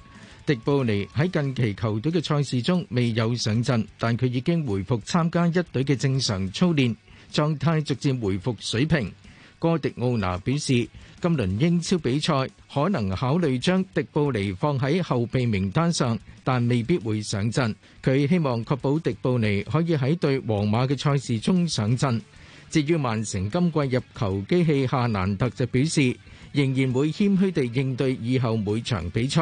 S11: 迪布尼喺近期球隊嘅賽事中未有上陣，但佢已經回復參加一隊嘅正常操練，狀態逐漸回復水平。哥迪奧拿表示，今輪英超比賽可能考慮將迪布尼放喺後備名單上，但未必會上陣。佢希望確保迪布尼可以喺對皇馬嘅賽事中上陣。至於曼城今季入球機器夏蘭特就表示，仍然會謙虛地應對以後每場比賽。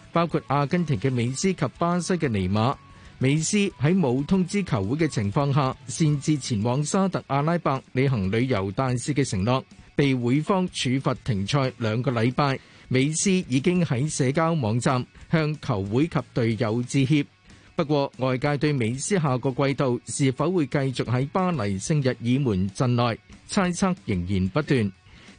S11: 包括阿根廷嘅美斯及巴西嘅尼馬，美斯喺冇通知球會嘅情況下擅自前往沙特阿拉伯履行旅游大使嘅承諾，被會方處罰停賽兩個禮拜。美斯已經喺社交網站向球會及隊友致歉。不過外界對美斯下個季度是否會繼續喺巴黎聖日耳門陣內猜測仍然不斷。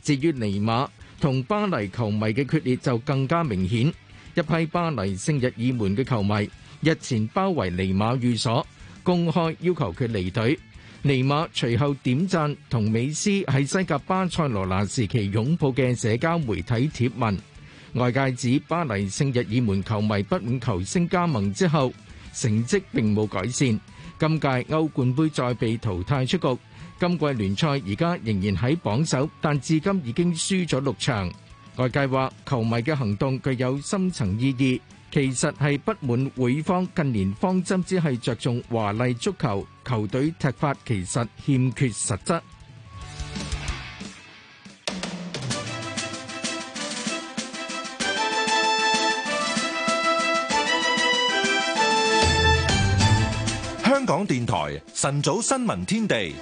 S11: 至於尼馬同巴黎球迷嘅決裂就更加明顯。一批巴黎聖日耳門嘅球迷日前包圍尼馬寓所，公開要求佢離隊。尼馬隨後點讚同美斯喺西甲巴塞羅那時期擁抱嘅社交媒體貼文。外界指巴黎聖日耳門球迷不滿球星加盟之後成績並冇改善，今屆歐冠杯再被淘汰出局，今季聯賽而家仍然喺榜首，但至今已經輸咗六場。外界話，球迷嘅行動具有深層意義，其實係不滿會方近年方針只係着重華麗足球，球隊踢法其實欠缺實質。
S1: 香港電台晨早新聞天地。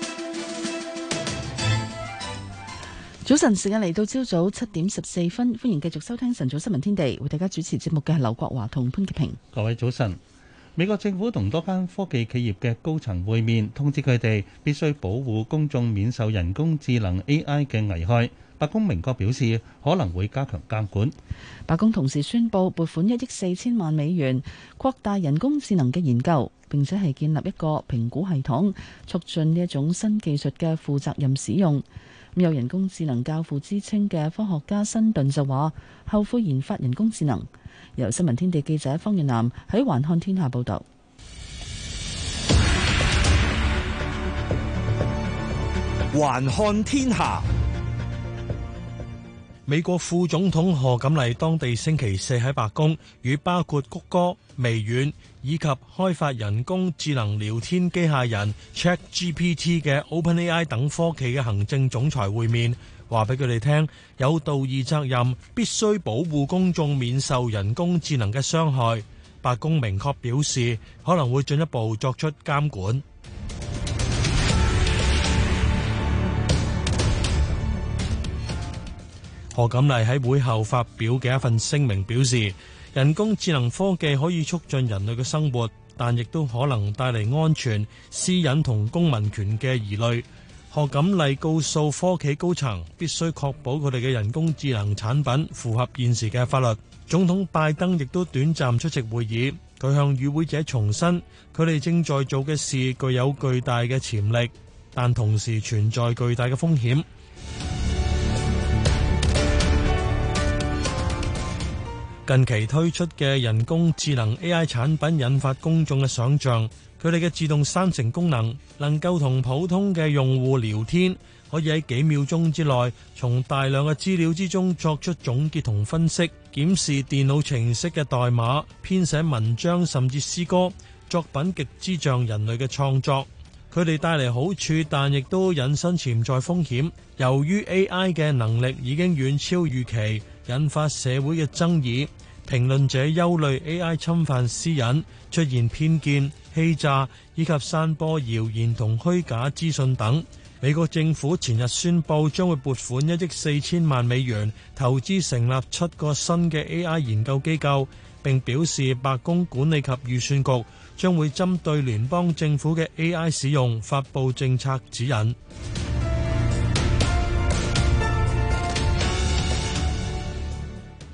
S3: 早晨，時間嚟到朝早七點十四分，歡迎繼續收聽晨早新聞天地，為大家主持節目嘅係劉國華同潘潔平。
S4: 各位早晨！美國政府同多間科技企業嘅高層會面，通知佢哋必須保護公眾免受人工智能 AI 嘅危害。白宮明確表示，可能會加強監管。
S3: 白宮同時宣布撥款一億四千萬美元，擴大人工智能嘅研究，並且係建立一個評估系統，促進呢一種新技術嘅負責任使用。有人工智能教父之稱嘅科學家辛頓就話：後悔研發人工智能。由新聞天地記者方月南喺《環看天下》報道。環看
S9: 天下。美國副總統賀錦麗當地星期四喺白宮與包括谷歌、微軟以及開發人工智能聊天機械人 Chat GPT 嘅 OpenAI 等科技嘅行政總裁會面，話俾佢哋聽有道義責任必須保護公眾免受人工智能嘅傷害。白宮明確表示可能會進一步作出監管。賀錦麗喺會後發表嘅一份聲明表示，人工智能科技可以促進人類嘅生活，但亦都可能帶嚟安全、私隱同公民權嘅疑慮。賀錦麗告訴科企高層，必須確保佢哋嘅人工智能產品符合現時嘅法律。總統拜登亦都短暫出席會議，佢向與會者重申，佢哋正在做嘅事具有巨大嘅潛力，但同時存在巨大嘅風險。近期推出嘅人工智能 AI 產品引發公眾嘅想象，佢哋嘅自動生成功能能夠同普通嘅用戶聊天，可以喺幾秒鐘之內從大量嘅資料之中作出總結同分析，檢視電腦程式嘅代碼，編寫文章甚至詩歌作品，極之像人類嘅創作。佢哋帶嚟好處，但亦都引申潛在風險，由於 AI 嘅能力已經遠超預期。引發社會嘅爭議，評論者憂慮 AI 侵犯私隱、出現偏見、欺詐以及散播謠言同虛假資訊等。美國政府前日宣布將會撥款一億四千萬美元，投資成立七個新嘅 AI 研究機構，並表示白宮管理及預算局將會針對聯邦政府嘅 AI 使用發布政策指引。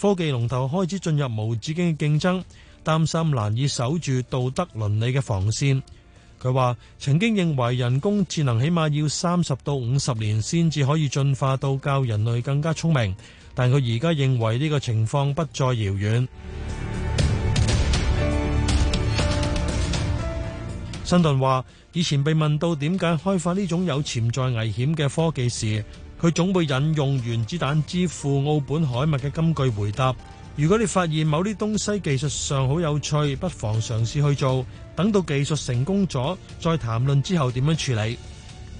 S9: 科技龍頭開始進入無止境嘅競爭，擔心難以守住道德倫理嘅防線。佢話曾經認為人工智能起碼要三十到五十年先至可以進化到教人類更加聰明，但佢而家認為呢個情況不再遙遠。新頓話：以前被問到點解開發呢種有潛在危險嘅科技時，佢總會引用原子彈之父奧本海默嘅金句回答：如果你發現某啲東西技術上好有趣，不妨嘗試去做，等到技術成功咗再談論之後點樣處理。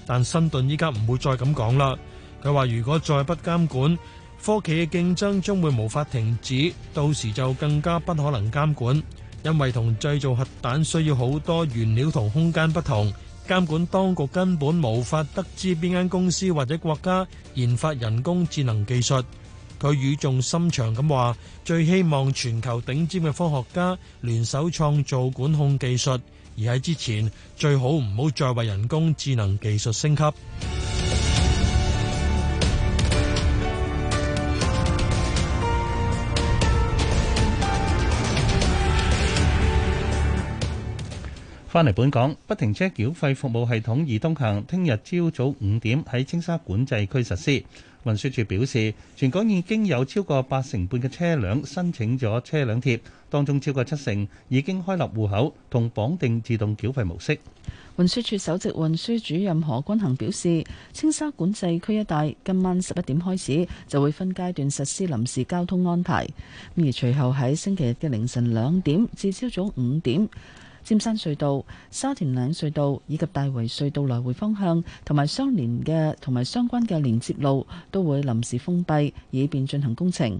S9: 但新頓依家唔會再咁講啦。佢話如果再不監管，科技嘅競爭將會無法停止，到時就更加不可能監管，因為同製造核彈需要好多原料同空間不同。監管當局根本無法得知邊間公司或者國家研發人工智能技術。佢語重心長咁話：最希望全球頂尖嘅科學家聯手創造管控技術，而喺之前最好唔好再為人工智能技術升級。
S4: 返嚟本港，不停車繳費服務系統易通行，聽日朝早五點喺青沙管制區實施。運輸署表示，全港已經有超過八成半嘅車輛申請咗車輛貼，當中超過七成已經開立戶口同綁定自動繳費模式。
S3: 運輸署首席運輸主任何君行表示，青沙管制區一帶今晚十一點開始就會分階段實施臨時交通安排，而隨後喺星期日嘅凌晨兩點至朝早五點，尖山隧道、沙田嶺隧道以及大圍隧道來回方向同埋相連嘅同埋相關嘅連接路都會臨時封閉，以便進行工程。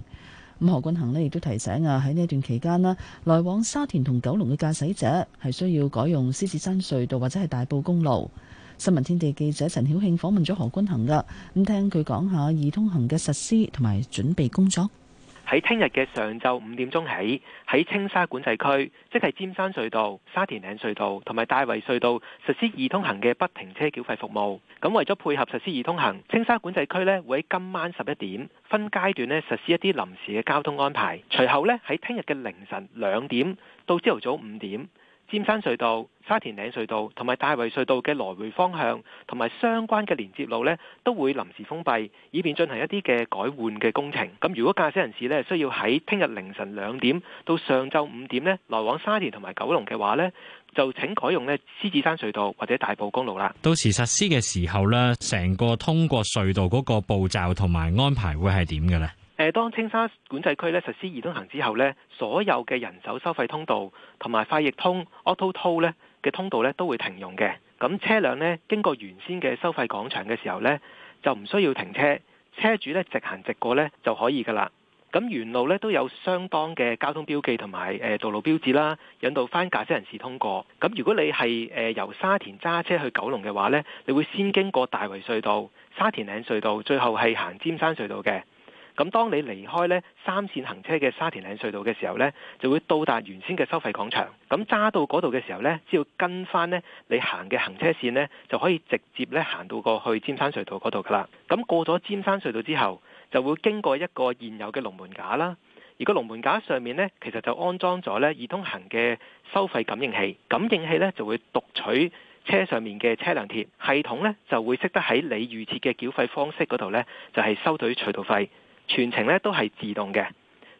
S3: 咁何君衡呢亦都提醒啊，喺呢一段期間咧，來往沙田同九龍嘅駕駛者係需要改用獅子山隧道或者係大埔公路。新聞天地記者陳曉慶訪問咗何君衡噶，咁聽佢講下易通行嘅實施同埋準備工作。
S8: 喺聽日嘅上晝五點鐘起，喺青沙管制區，即係尖山隧道、沙田嶺隧道同埋大圍隧道實施易通行嘅不停車繳費服務。咁為咗配合實施易通行，青沙管制區咧會喺今晚十一點分階段咧實施一啲臨時嘅交通安排。隨後咧喺聽日嘅凌晨兩點到朝頭早五點。尖山隧道、沙田嶺隧道同埋大圍隧道嘅來回方向，同埋相關嘅連接路咧，都會臨時封閉，以便進行一啲嘅改換嘅工程。咁如果駕駛人士咧需要喺聽日凌晨兩點到上晝五點咧來往沙田同埋九龍嘅話咧，就請改用咧獅子山隧道或者大埔公路啦。
S10: 到時實施嘅時候咧，成個通過隧道嗰個步驟同埋安排會係點嘅咧？
S8: 誒，當青沙管制區咧實施易通行之後咧，所有嘅人手收費通道同埋快易通 Auto Toll 嘅通道咧都會停用嘅。咁車輛咧經過原先嘅收費廣場嘅時候呢，就唔需要停車，車主咧直行直過咧就可以噶啦。咁沿路咧都有相當嘅交通標記同埋誒道路標誌啦，引導翻駕駛人士通過。咁如果你係誒由沙田揸車去九龍嘅話呢，你會先經過大圍隧道、沙田嶺隧道，最後係行尖山隧道嘅。咁當你離開呢三線行車嘅沙田嶺隧道嘅時候呢，就會到達原先嘅收費廣場。咁揸到嗰度嘅時候呢，只要跟翻呢你行嘅行車線呢，就可以直接咧行到過去尖山隧道嗰度㗎喇。咁過咗尖山隧道之後，就會經過一個現有嘅龍門架啦。而個龍門架上面呢，其實就安裝咗呢易通行嘅收費感應器，感應器呢，就會讀取車上面嘅車輛貼，系統呢，就會識得喺你預設嘅繳費方式嗰度呢，就係收取隧道費。全程咧都係自動嘅，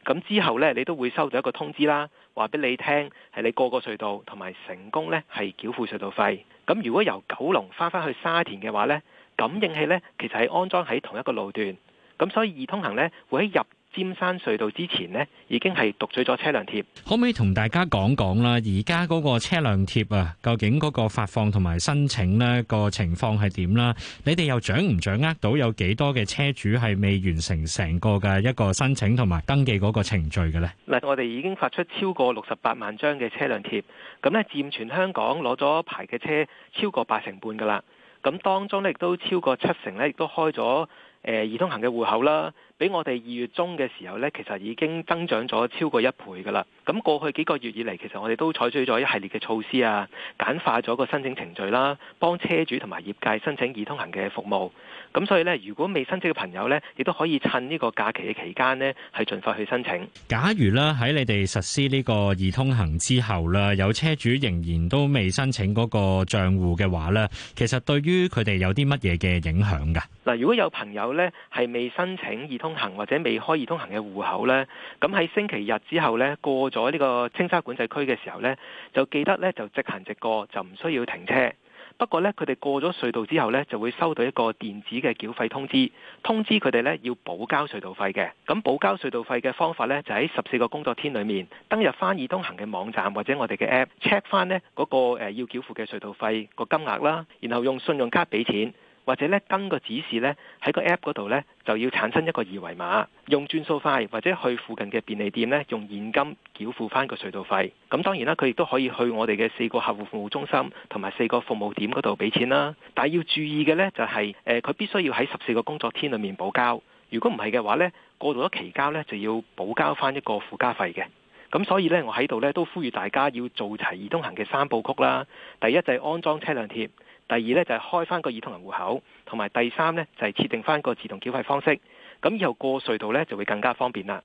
S8: 咁之後呢，你都會收到一個通知啦，話俾你聽係你過個隧道同埋成功呢係繳付隧道費。咁如果由九龍返返去沙田嘅話呢，感應器呢其實係安裝喺同一個路段，咁所以易通行呢會喺入尖山隧道之前呢，已經係讀取咗車輛貼。
S10: 可唔可以同大家講講啦？而家嗰個車輛貼啊，究竟嗰個發放同埋申請呢個情況係點啦？你哋又掌唔掌握到有幾多嘅車主係未完成成個嘅一個申請同埋登記嗰個程序嘅呢？
S8: 嗱、嗯，我哋已經發出超過六十八萬張嘅車輛貼，咁、嗯、呢，佔全香港攞咗牌嘅車超過八成半噶啦。咁、嗯、當中呢，亦都超過七成呢，亦都開咗誒、呃、易通行嘅戶口啦。俾我哋二月中嘅時候呢，其實已經增長咗超過一倍噶啦。咁過去幾個月以嚟，其實我哋都採取咗一系列嘅措施啊，簡化咗個申請程序啦、啊，幫車主同埋業界申請易通行嘅服務。咁所以呢，如果未申請嘅朋友呢，亦都可以趁呢個假期嘅期間呢，係盡快去申請。
S13: 假
S10: 如啦，喺你哋實施呢個易通行之後啦，有車主仍然都未申請嗰個賬戶嘅話呢，其實對於佢哋有啲乜嘢嘅影響㗎？
S8: 嗱，如果有朋友呢，係未申請易通行，通行或者未開易通行嘅戶口呢，咁喺星期日之後呢，過咗呢個青沙管制區嘅時候呢，就記得呢，就直行直過，就唔需要停車。不過呢，佢哋過咗隧道之後呢，就會收到一個電子嘅繳費通知，通知佢哋呢要補交隧道費嘅。咁補交隧道費嘅方法呢，就喺十四個工作天裏面登入翻易通行嘅網站或者我哋嘅 App check 翻呢嗰個誒要繳付嘅隧道費個金額啦，然後用信用卡俾錢。或者咧跟個指示咧喺個 App 嗰度咧就要產生一個二維碼，用轉數快或者去附近嘅便利店咧用現金繳付翻個隧道費。咁當然啦，佢亦都可以去我哋嘅四個客戶服務中心同埋四個服務點嗰度俾錢啦。但係要注意嘅咧就係誒佢必須要喺十四個工作天裡面補交。如果唔係嘅話咧過度咗期交咧就要補交翻一個附加費嘅。咁所以咧我喺度咧都呼籲大家要做齊易通行嘅三部曲啦。第一就係安裝車輛貼。第二咧就係開翻個兒童銀行戶口，同埋第三咧就係設定翻個自動繳費方式，咁以後過隧道呢，就會更加方便啦。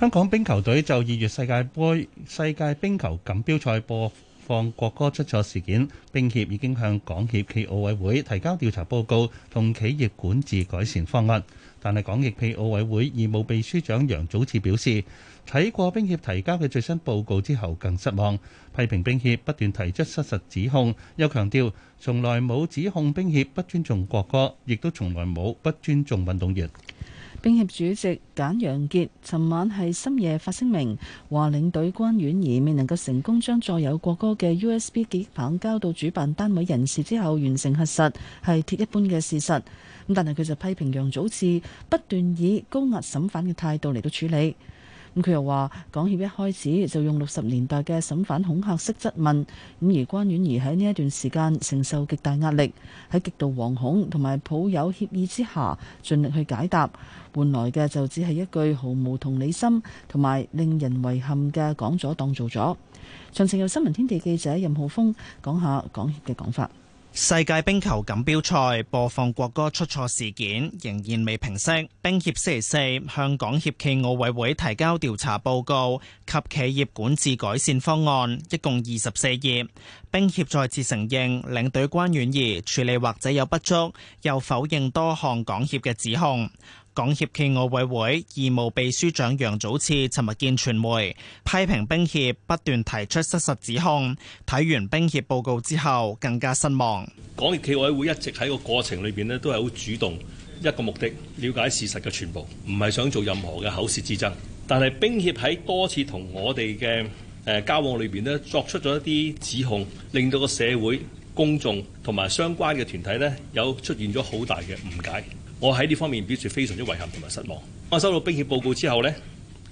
S4: 香港冰球隊就二月世界杯世界冰球錦標賽播放國歌出錯事件，冰協已經向港協暨奧委會提交調查報告同企業管治改善方案。但係，港協暨奧委會義務秘書長楊祖賜表示，睇過冰協提交嘅最新報告之後更失望，批評冰協不斷提出失實，實指控，又強調從來冇指控冰協不尊重國歌，亦都從來冇不尊重運動員。
S3: 冰協主席簡陽傑尋晚係深夜發聲明，話領隊關婉怡未能夠成功將載有國歌嘅 USB 記憶棒交到主辦單位人士之後完成核實，係鐵一般嘅事實。咁但係佢就批評楊祖智不斷以高壓審犯嘅態度嚟到處理。咁佢又話，港協一開始就用六十年代嘅審犯恐嚇式質問，咁而關婉儀喺呢一段時間承受極大壓力，喺極度惶恐同埋抱有怯意之下，盡力去解答，換來嘅就只係一句毫無同理心同埋令人遺憾嘅講咗當做咗。詳情由新聞天地記者任浩峰講下港協嘅講法。
S12: 世界冰球錦標賽播放國歌出錯事件仍然未平息，冰協星期四向港協暨奧委會提交調查報告及企業管治改善方案，一共二十四頁。冰協再次承認領隊關婉儀處理或者有不足，又否認多項港協嘅指控。港協暨奧委會義務秘書長楊祖次尋日見傳媒，批評冰協不斷提出失實指控。睇完冰協報告之後，更加失望。
S5: 港協暨奧委會一直喺個過程裏邊咧，都係好主動一個目的，了解事實嘅全部，唔係想做任何嘅口舌之爭。但係冰協喺多次同我哋嘅誒交往裏邊咧，作出咗一啲指控，令到個社會公眾同埋相關嘅團體呢，有出現咗好大嘅誤解。我喺呢方面表示非常之遺憾同埋失望。我收到冰協報告之後，呢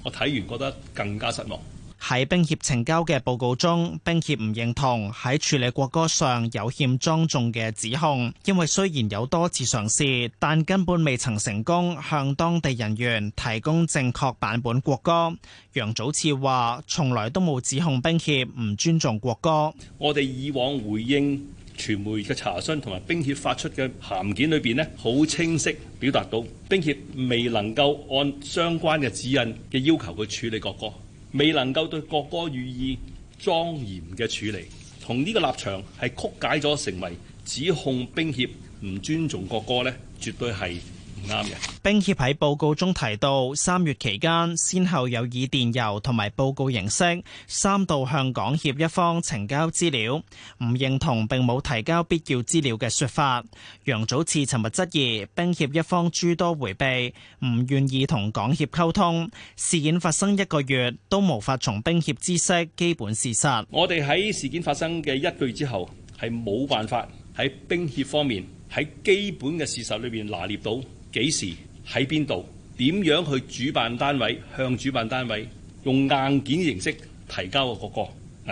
S5: 我睇完覺得更加失望。
S12: 喺冰協呈交嘅報告中，冰協唔認同喺處理國歌上有欠莊重嘅指控，因為雖然有多次嘗試，但根本未曾成功向當地人員提供正確版本國歌。楊祖徹話從來都冇指控冰協唔尊重國歌。
S5: 我哋以往回應。傳媒嘅查詢同埋冰協發出嘅函件裏邊呢，好清晰表達到冰協未能夠按相關嘅指引嘅要求去處理國歌，未能夠對國歌予以莊嚴嘅處理，同呢個立場係曲解咗成為指控冰協唔尊重國歌呢，絕對係。啱嘅。
S12: 冰協喺報告中提到，三月期間先後有以電郵同埋報告形式三度向港協一方呈交資料，唔認同並冇提交必要資料嘅説法。楊祖賜尋日質疑冰協一方諸多迴避，唔願意同港協溝通。事件發生一個月都無法從冰協知識基本事實。我哋喺事件發生嘅一個月之後，係冇辦法喺冰協
S5: 方面喺基本嘅事實裏邊拿捏到。幾時喺邊度？點樣去主辦單位向主辦單位用硬件形式提交個嗰個？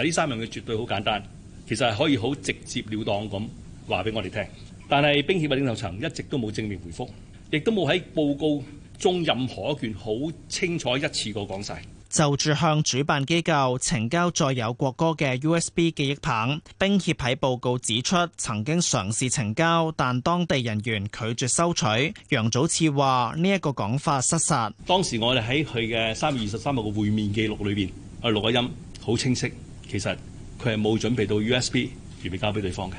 S5: 嗱，呢三樣嘢絕對好簡單，其實係可以好直接了當咁話俾我哋聽。但係冰協委領頭層一直都冇正面回覆，亦都冇喺報告中任何一卷好清楚一次過講晒。
S12: 就住向主辦機構呈交載有國歌嘅 USB 記憶棒，冰協喺報告指出，曾經嘗試呈交，但當地人員拒絕收取。楊祖賜話呢一個講法失實。當時我哋喺佢嘅三月二十三日嘅會面記錄裏邊，我錄個音好清晰，
S5: 其實佢係冇準備到 USB 預備交俾對方嘅。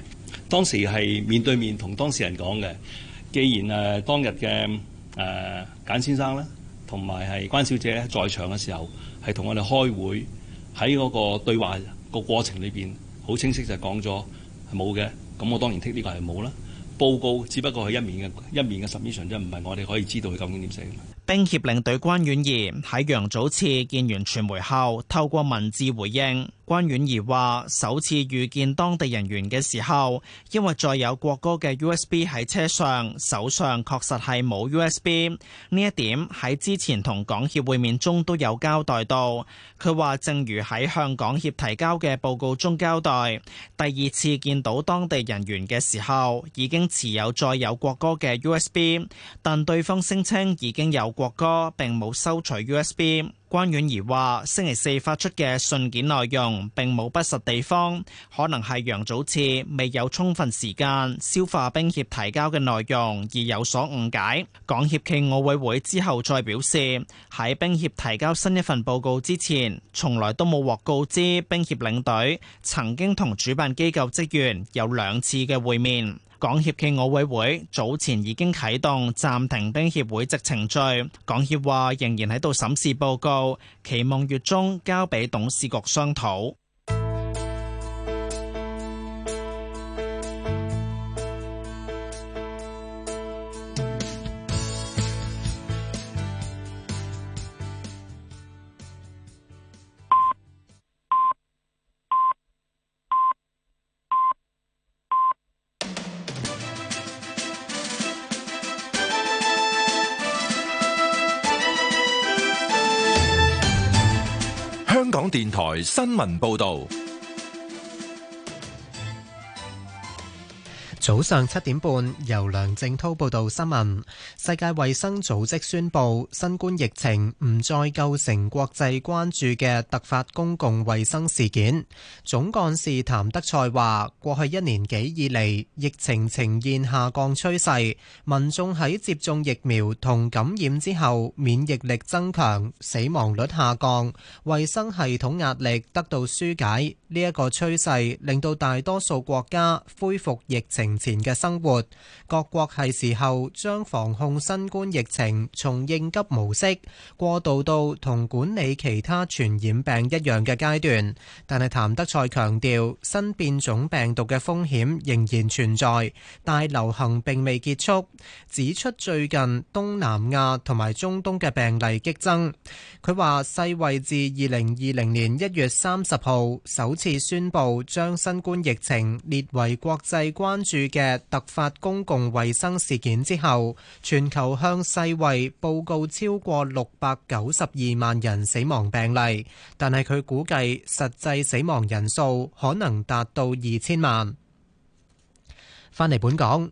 S5: 當時係面對面同當事人講嘅，既然誒、呃、當日嘅誒、呃、簡先生咧。同埋係關小姐在場嘅時候係同我哋開會，喺嗰個對話個過程裏邊，好清晰就講咗係冇嘅。咁我當然剔呢個係冇啦。報告只不過係一面嘅一面嘅 submission 啫，唔係我哋可以知道佢究竟點寫。
S12: 兵協領隊關婉儀喺陽祖次見完傳媒後，透過文字回應。關婉儀話：首次遇見當地人員嘅時候，因為載有國歌嘅 USB 喺車上，手上確實係冇 USB。呢一點喺之前同港協會面中都有交代到。佢話：正如喺向港協提交嘅報告中交代，第二次見到當地人員嘅時候，已經持有載有國歌嘅 USB，但對方聲稱已經有。國歌並冇收取 USB。關婉儀話：星期四發出嘅信件內容並冇不實地方，可能係楊祖熾未有充分時間消化冰協提交嘅內容而有所誤解。港協暨奧委會之後再表示，喺冰協提交新一份報告之前，從來都冇獲告知冰協領隊曾經同主辦機構職員有兩次嘅會面。港協嘅奧委會早前已經啟動暫停冰協會籍程序，港協話仍然喺度審視報告，期望月中交俾董事局商討。
S1: 電台新聞報道。
S2: 早上七點半，由梁正濤報道新聞。世界衛生組織宣佈，新冠疫情唔再構成國際關注嘅突發公共衛生事件。總幹事譚德賽話：過去一年幾以嚟，疫情呈現下降趨勢，民眾喺接種疫苗同感染之後，免疫力增強，死亡率下降，衛生系統壓力得到紓解。呢一個趨勢令到大多數國家恢復疫情前嘅生活，各國係時候將防控新冠疫情從應急模式過渡到同管理其他傳染病一樣嘅階段。但係譚德塞強調，新變種病毒嘅風險仍然存在，大流行並未結束。指出最近東南亞同埋中東嘅病例激增。佢話世衛至二零二零年一月三十號首次次宣布，將新冠疫情列為國際關注嘅突發公共衛生事件之後，全球向世衛報告超過六百九十二萬人死亡病例，但係佢估計實際死亡人數可能達到二千萬。返嚟本港，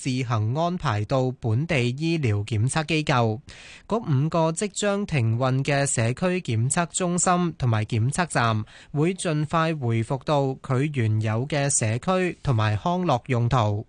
S2: 自行安排到本地醫療檢測機構。嗰五個即將停運嘅社區檢測中心同埋檢測站，會盡快回復到佢原有嘅社區同埋康樂用途。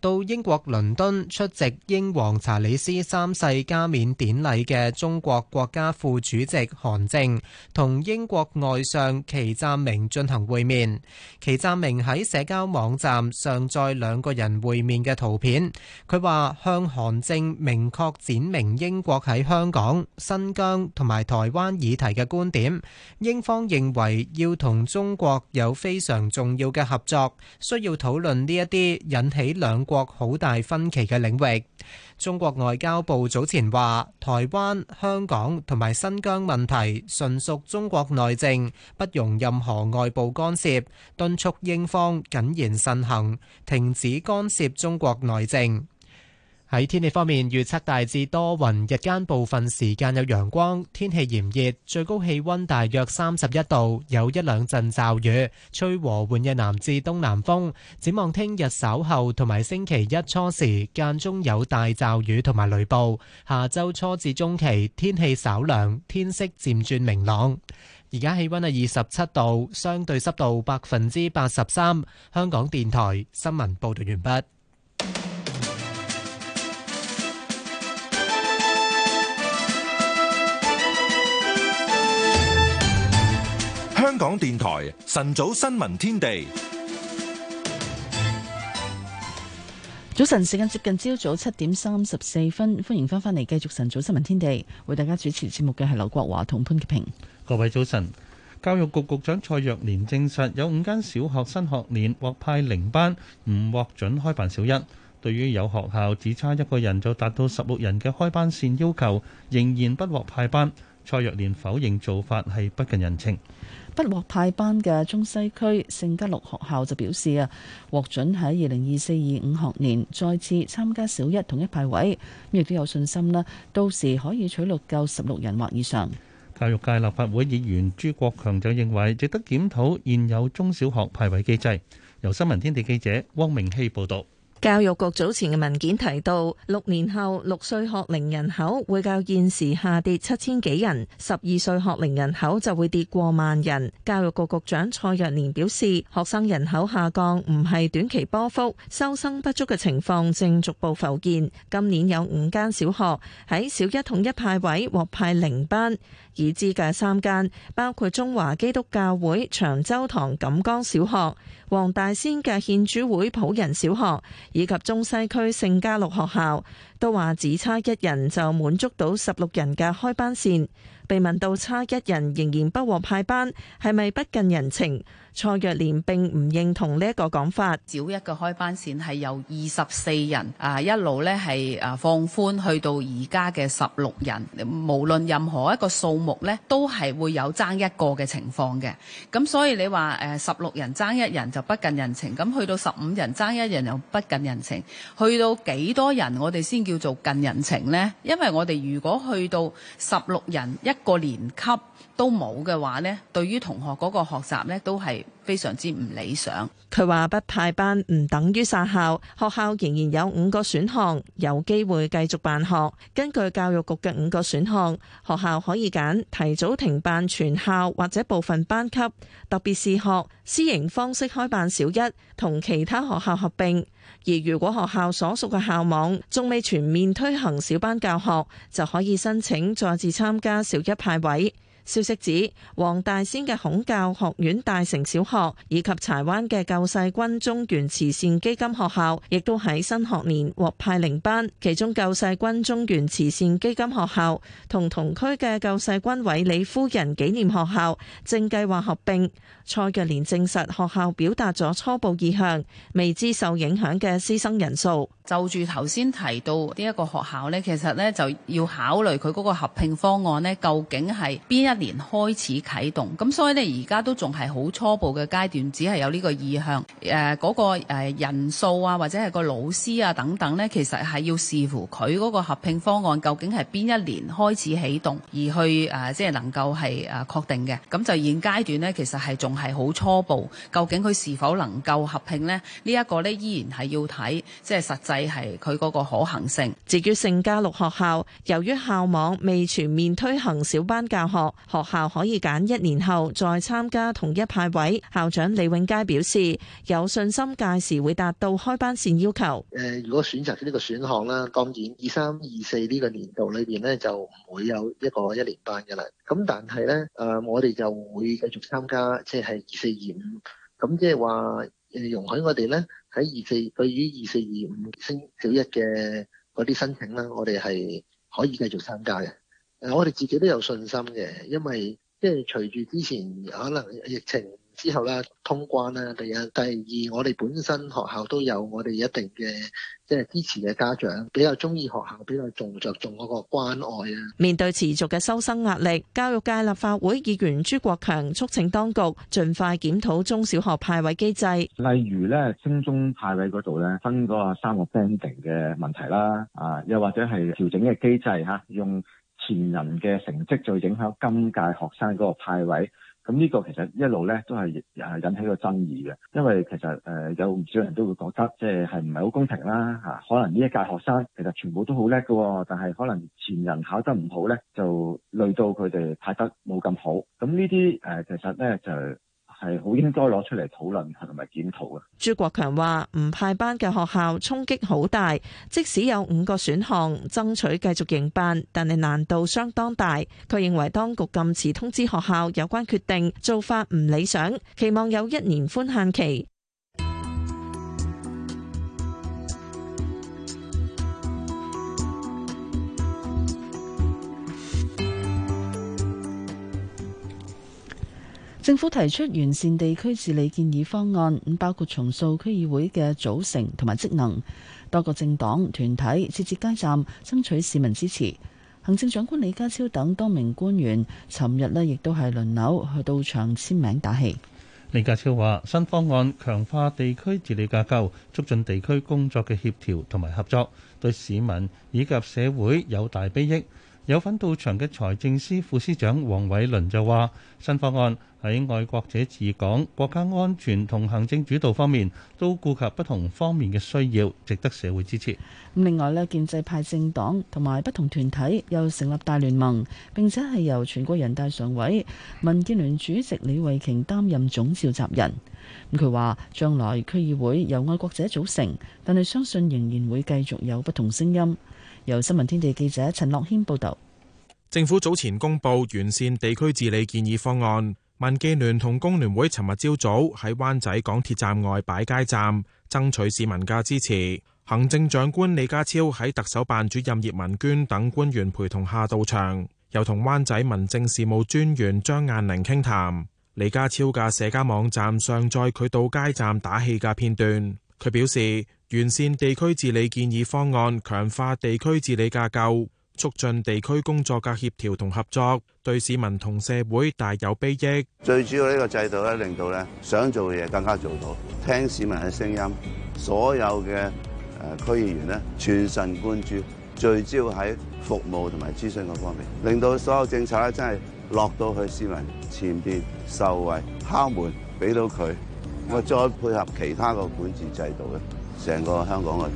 S2: 到英國倫敦出席英皇查理斯三世加冕典禮嘅中國國家副主席韓正，同英國外相祁湛明進行會面。祁湛明喺社交網站上載兩個人會面嘅圖片，佢話向韓正明確展明英國喺香港、新疆同埋台灣議題嘅觀點。英方認為要同中國有非常重要嘅合作，需要討論呢一啲引起兩國好大分歧嘅領域，中國外交部早前話，台灣、香港同埋新疆問題純屬中國內政，不容任何外部干涉，敦促英方謹言慎行，停止干涉中國內政。喺天氣方面，預測大致多雲，日間部分時間有陽光，天氣炎熱，最高氣溫大約三十一度，有一兩陣驟雨，吹和緩嘅南至東南風。展望聽日稍後同埋星期一初時，間中有大驟雨同埋雷暴。下周初至中期，天氣稍涼，天色漸轉明朗。而家氣溫係二十七度，相對濕度百分之八十三。香港電台新聞報道完畢。
S1: 港電台晨早新聞天地，
S3: 早晨時間接近朝早七點三十四分，歡迎翻返嚟繼續晨早新聞天地。為大家主持節目嘅係劉國華同潘潔平。
S4: 各位早晨，教育局局長蔡若蓮證實有五間小學新學年獲派零班，唔獲准開辦小一。對於有學校只差一個人就達到十六人嘅開班線要求，仍然不獲派班。蔡若蓮否認做法係不近人情。
S14: 不獲
S3: 派班嘅中西區聖嘉禄學校就表示啊，獲准喺二零二四二五學年再次參加小一統一派位，亦都有信心啦，到時可以取錄夠十六人或以上。
S4: 教育界立法會議員朱國強就認為值得檢討現有中小學派位機制。由新聞天地記者汪明希報道。
S14: 教育局早前嘅文件提到，六年後六歲學齡人口會較現時下跌七千幾人，十二歲學齡人口就會跌過萬人。教育局局長蔡若蓮表示，學生人口下降唔係短期波幅，收生不足嘅情況正逐步浮現。今年有五間小學喺小一統一派位獲派零班，已知嘅三間包括中華基督教會長洲堂錦江小學、黃大仙嘅獻主會普仁小學以及中西區聖嘉祿學校都話，只差一人就滿足到十六人嘅開班線。被問到差一人仍然不獲派班，係咪不，不近人情？蔡若蓮並唔認同呢一個講法。早一個開班線係由
S15: 二十四人啊，一路咧，係啊，放寬去到而家嘅十六人，無論任何一個數目呢都係會有爭一個嘅情況嘅。咁所以你話誒十六人爭一人就不近人情，咁去到十五人爭一人又不近人情，去到幾多人我哋先叫做近人情呢？因為我哋如果去到十六人一個年級都冇嘅話咧，對於同學嗰個學習咧，都係非常之唔理想。
S14: 佢話，不派班唔等於殺校，學校仍然有五個選項有機會繼續辦學，根據教育局嘅五個選項，學校可以揀提早停辦全校或者部分班級，特別試學、私營方式開辦小一，同其他學校合併，而如果學校所屬嘅校網仲未全面推行小班教學，就可以申請再次參加小一派位。消息指，黃大仙嘅孔教學院大成小學以及柴灣嘅救世軍中原慈善基金學校，亦都喺新學年獲派零班。其中，救世軍中原慈善基金學校同同區嘅救世軍委理夫人紀念學校正計劃合併。蔡若蓮證實學校表達咗初步意向，未知受影響嘅師生人數。就住頭先提到呢一個學校咧，其實咧就要考慮佢
S15: 嗰個合併方案咧，究竟係邊一？年開始啟動，咁所以呢，而家都仲係好初步嘅階段，只係有呢個意向。誒、呃，嗰、那個誒人數啊，或者係個老師啊等等呢，其實係要視乎佢嗰個合併方案究竟係邊一年開始啟動，而去誒、呃、即係能夠係誒確定嘅。咁就現階段呢，其實係仲係好初步，究竟佢是否能夠合併呢？呢、這、一個呢，依然係要睇，
S14: 即係實際係佢嗰個可行性。至於聖家六學校，由於校網未全面推行小班教學。學校可以揀一年後再參加同一派位。校長李永佳表示，有信心屆時會達到開班線要求。
S9: 誒，如果選擇呢個選項啦，當然二三二四呢個年度裏邊咧就唔會有一個一年班嘅啦。咁但係咧誒，我哋就會繼續參加，即係二四二五。咁即係話誒，容許我哋咧喺二四對於二四二五升小一嘅嗰啲申請啦，我哋係可以繼續參加嘅。誒，我哋自己都有信心嘅，因為即係隨住之前可能疫情之後啦，通關啦，第一、第二，我哋本身學校都有我哋一定嘅即係支持嘅家長比較中意，學校比較重着重嗰個關愛啊。
S14: 面對持續嘅收生壓力，教育界立法會議員朱國強促請當局盡快檢討中小學派位機制，
S10: 例如咧，升中派位嗰度咧分嗰
S11: 個三個 banding 嘅問題啦，啊，又或者係調整嘅機制吓用。前人嘅成績就影響今屆學生嗰個派位，咁呢個其實一路呢都係誒引起個爭議嘅，因為其實誒、呃、有唔少人都會覺得即係係唔係好公平啦吓、啊，可能呢一屆學生其實全部都好叻㗎喎，但係可能前人考得唔好呢，就累到佢哋派得冇咁好，咁呢啲誒其實呢就。
S10: 係好應該攞出嚟討論同埋檢討
S14: 嘅。朱國強話：唔派班嘅學校衝擊好大，即使有五個選項爭取繼續營辦，但係難度相當大。佢認為當局咁遲通知學校有關決定做法唔理想，期望有一年寬限期。
S3: 政府提出完善地區治理建議方案，包括重塑區議會嘅組成同埋職能。多個政黨團體設置街站，爭取市民支持。行政長官李家超等多名官員尋日咧，亦都係輪流去到場簽名打氣，
S4: 李家超話新方案強化地區治理架構促進地區工作嘅協調同埋合作，對市民以及社會有大裨益。有份到場嘅財政司副司長黃偉綸就話：新方案喺愛國者治港、國家安全同行政主導方面都顧及不同方面嘅需要，值得社會支持。
S3: 另外，建制派政黨同埋不同團體又成立大聯盟，並且係由全國人大常委、民建聯主席李慧瓊擔任總召集人。佢話：將來區議會由愛國者組成，但係相信仍然會繼續有不同聲音。由新聞天地記者陳樂軒報道。
S13: 政府早前公布完善地區治理建議方案，民建聯同工聯會尋日朝早喺灣仔港鐵站外擺街站，爭取市民嘅支持。行政長官李家超喺特首辦主任葉文娟等官員陪同下到場，又同灣仔民政事務專員張雁玲傾談。李家超嘅社交網站上載佢到街站打氣嘅片段，佢表示：完善地區治理建議方案，強化地區治理架構，促進地區工作嘅協調同合作，對市民同社會大有裨益。
S4: 最主要呢個制度咧，令到咧想做嘅嘢更加做到，聽市民嘅聲音。所有嘅誒區議員咧，全神貫注聚焦喺服務同埋諮詢嗰方面，令到所有政策咧真係落到去市民前邊受惠，敲門俾到佢。我再配合其他嘅管治制度嘅。成個香港嘅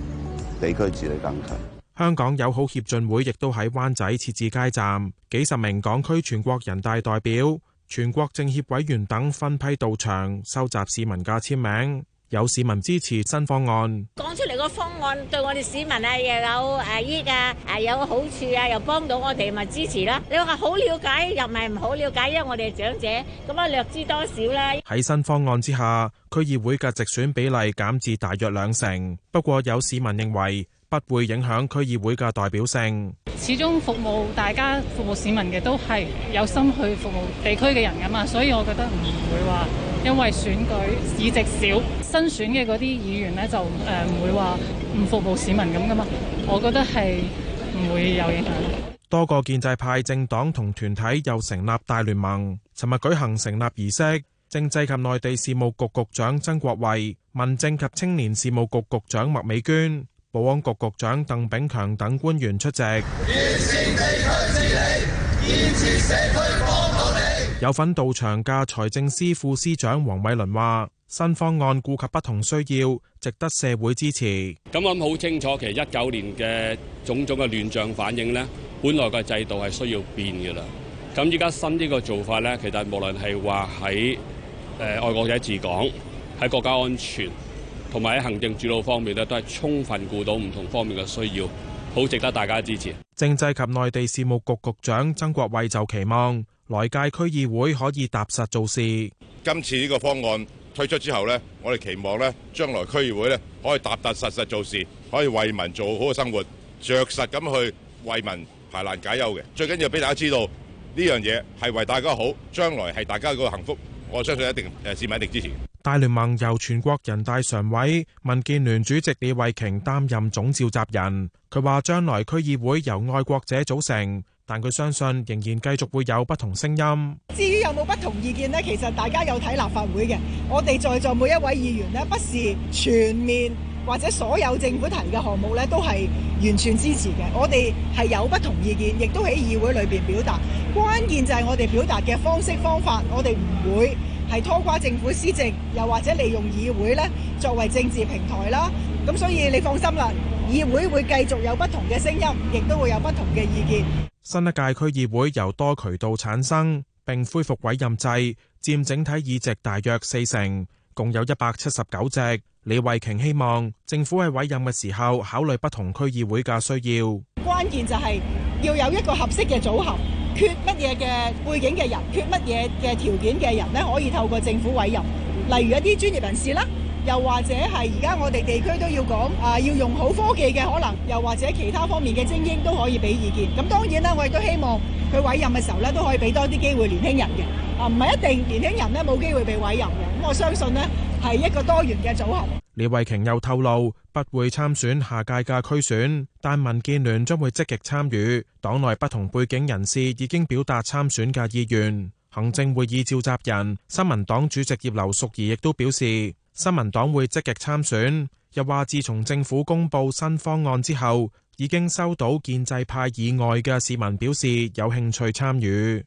S4: 地區治理更強。
S13: 香港友好協進會亦都喺灣仔設置街站，幾十名港區全國人大代表、全國政協委員等分批到場收集市民嘅簽名。有市民支持新方案，
S14: 講出嚟，個方案對我哋市民啊，又有誒益啊，啊有好處啊，又幫到我哋，咪支持啦。你話好了解又咪唔好了解，因為我哋長者，咁啊略知多少啦。
S13: 喺新方案之下，區議會嘅直選比例減至大約兩成，不過有市民認為，不會影響區議會嘅代表性。
S7: 始終服務大家，服務市民嘅都係有心去服務地區嘅人噶嘛，所以我覺得唔會話因為選舉議席少，新選嘅嗰啲議員呢就誒唔會話唔服務市民咁噶嘛。我覺得係唔會有影響。
S13: 多個建制派政黨同團體又成立大聯盟，尋日舉行成立儀式。政制及內地事務局局，局長曾國衛、民政及青年事務局局長麥美娟。保安局局長鄧炳強等官員出席。有份到場嘅財政司副司長黃偉綸話，新方案顧及不同需要，值得社會支持。咁我
S5: 諗好清楚，其實一九年嘅種種嘅亂象反映呢，本來個制度係需要變噶啦。咁依家新呢個做法呢，其實無論係話喺誒愛國者治港，喺國家安全。同埋喺行政主導方面咧，都係充分顧到唔同方面嘅需要，好值得大家支持。
S13: 政制及內地事務局局長曾國衛就期望來屆區議會可以踏實做事。
S1: 今次呢個方案推出之後咧，我哋期望咧，將來區議會咧可以踏踏實實做事，可以為民做好生活，著實咁去為民排難解憂嘅。最緊要俾大家知道呢樣嘢係為大家好，將來係大家嗰個幸福。我相信一定誒，市民一定支持
S13: 大聯盟，由全國人大常委民建聯主席李慧瓊擔任總召集人。佢話將來區議會由愛國者組成，但佢相信仍然繼續會有不同聲音。
S16: 至於有冇不同意見呢，其實大家有睇立法會嘅，我哋在座每一位議員呢，不是全面，或者所有政府提嘅項目咧，都係完全支持嘅。我哋係有不同意見，亦都喺議會裏邊表達。關鍵就係我哋表達嘅方式方法，我哋唔會，係拖垮政府施政，又或者利用議會咧作為政治平台啦。咁所以你放心啦，議會會繼續有不同嘅聲音，亦都會有不同嘅意見。
S13: 新一屆區議會由多渠道產生並恢復委任制，佔整體議席大約四成，共有一百七十九席。李慧瓊希望政府喺委任嘅時候考慮不同區議會嘅需要，
S16: 關鍵就係要有一個合適嘅組合，缺乜嘢嘅背景嘅人，缺乜嘢嘅條件嘅人咧，可以透過政府委任，例如一啲專業人士啦。又或者係而家我哋地區都要講啊，要用好科技嘅可能，又或者其他方面嘅精英都可以俾意見。咁當然啦，我亦都希望佢委任嘅時候咧都可以俾多啲機會年輕人嘅啊，唔係一定年輕人呢冇機會被委任嘅。咁我相信呢係一個多元嘅組合。
S13: 李慧瓊又透露不會參選下屆嘅區選，但民建聯將會積極參與。黨內不同背景人士已經表達參選嘅意願。行政會議召集人新民黨主席葉劉淑儀亦都表示。新民黨會積極參選，又話自從政府公布新方案之後，已經收到建制派以外嘅市民表示有興趣參與。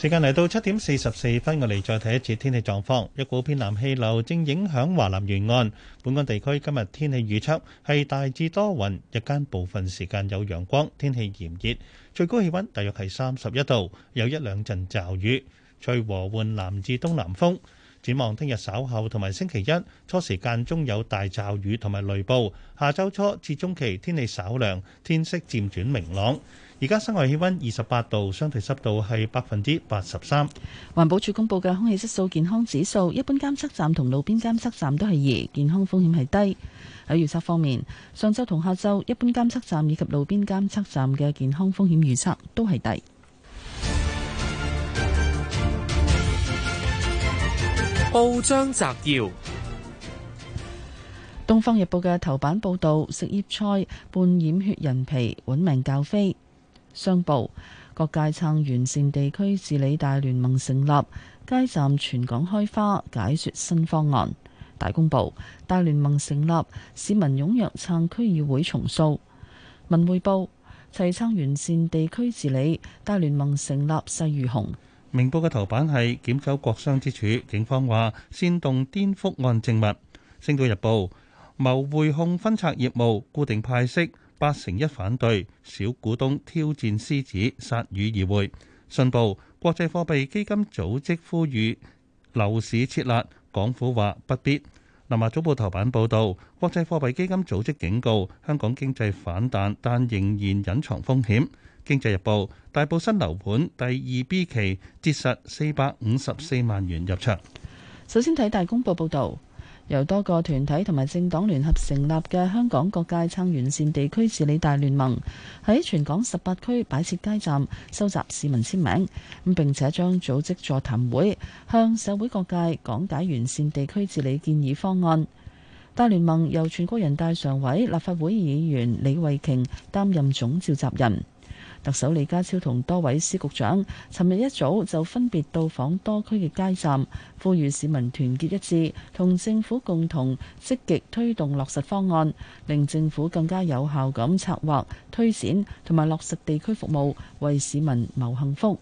S4: 時間嚟到七點四十四分，我哋再睇一次天氣狀況。一股偏南氣流正影響華南沿岸，本港地區今日天氣預測係大致多雲，日間部分時間有陽光，天氣炎熱，最高氣温大約係三十一度，有一兩陣驟雨，吹和緩南至東南風。展望聽日稍後同埋星期一初時間中有大驟雨同埋雷暴，下週初至中期天氣稍涼，天色漸轉明朗。而家室外氣溫二十八度，
S3: 相對濕度係百分之八十三。環保署公布嘅空氣質素健康指數，一般監測站同路邊監測站都係二，健康風險係低。喺預測方面，上週同下週一般監測站以及路邊監測站嘅健康風險預測都係低。報
S11: 章摘要：
S3: 《東方日報》嘅頭版報導：食葉菜半掩血人皮，揾命教飛。商報各界撐完善地區治理大聯盟成立，街站全港開花，解說新方案。大公報：大聯盟成立，市民踊躍撐區議會重塑。文匯報：齊撐完善地區治理，大聯盟成立勢如虹。
S4: 明報嘅頭版係檢走國殤之柱，警方話煽動顛覆案證物。星島日報：謀滙控分拆業務，固定派息。八成一反對小股東挑戰獅子鎩羽而回。信報國際貨幣基金組織呼籲樓市設立，港府話不必。南華早報頭版報道，國際貨幣基金組織警告香港經濟反彈，但仍然隱藏風險。經濟日報大埔新樓盤第二 B 期折實四百五十四萬元入場，
S3: 首先睇大公報報道。由多個團體同埋政黨聯合成立嘅香港各界撐完善地區治理大聯盟，喺全港十八區擺設街站，收集市民簽名，咁並且將組織座談會，向社會各界講解完善地區治理建議方案。大聯盟由全國人大常委、立法會議員李慧瓊擔任總召集人。特首李家超同多位司局長尋日一早就分別到訪多區嘅街站，呼籲市民團結一致，同政府共同積極推動落實方案，令政府更加有效咁策劃、推展同埋落實地區服務，為市民謀幸福。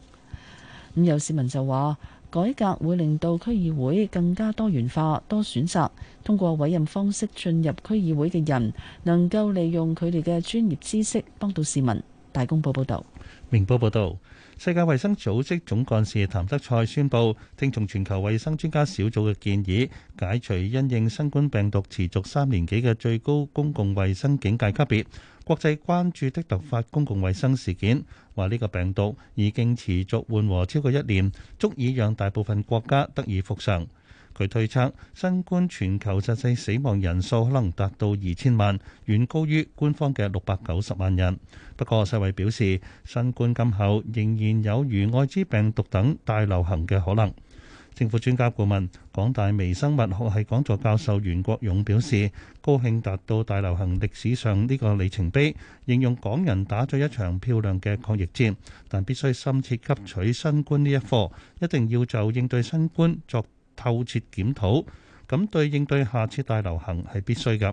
S3: 咁有市民就話，改革會令到區議會更加多元化、多選擇，通過委任方式進入區議會嘅人，能夠利用佢哋嘅專業知識幫到市民。大公報報道，
S4: 明報報道，世界衛生組織總幹事譚德塞宣布，聽從全球衛生專家小組嘅建議，解除因應新冠病毒持續三年幾嘅最高公共衛生警戒級別。國際關注的突發公共衛生事件，話呢個病毒已經持續緩和超過一年，足以讓大部分國家得以復常。佢推測新冠全球實際死亡人數可能達到二千萬，遠高於官方嘅六百九十萬人。不過世衛表示，新冠今後仍然有如艾滋病毒等大流行嘅可能。政府專家顧問、港大微生物學系講座教授袁國勇表示，高興達到大流行歷史上呢個里程碑，形容港人打咗一場漂亮嘅抗疫戰，但必須深切吸取新冠呢一課，一定要就應對新冠作透徹檢討，咁對應對下次大流行係必須噶。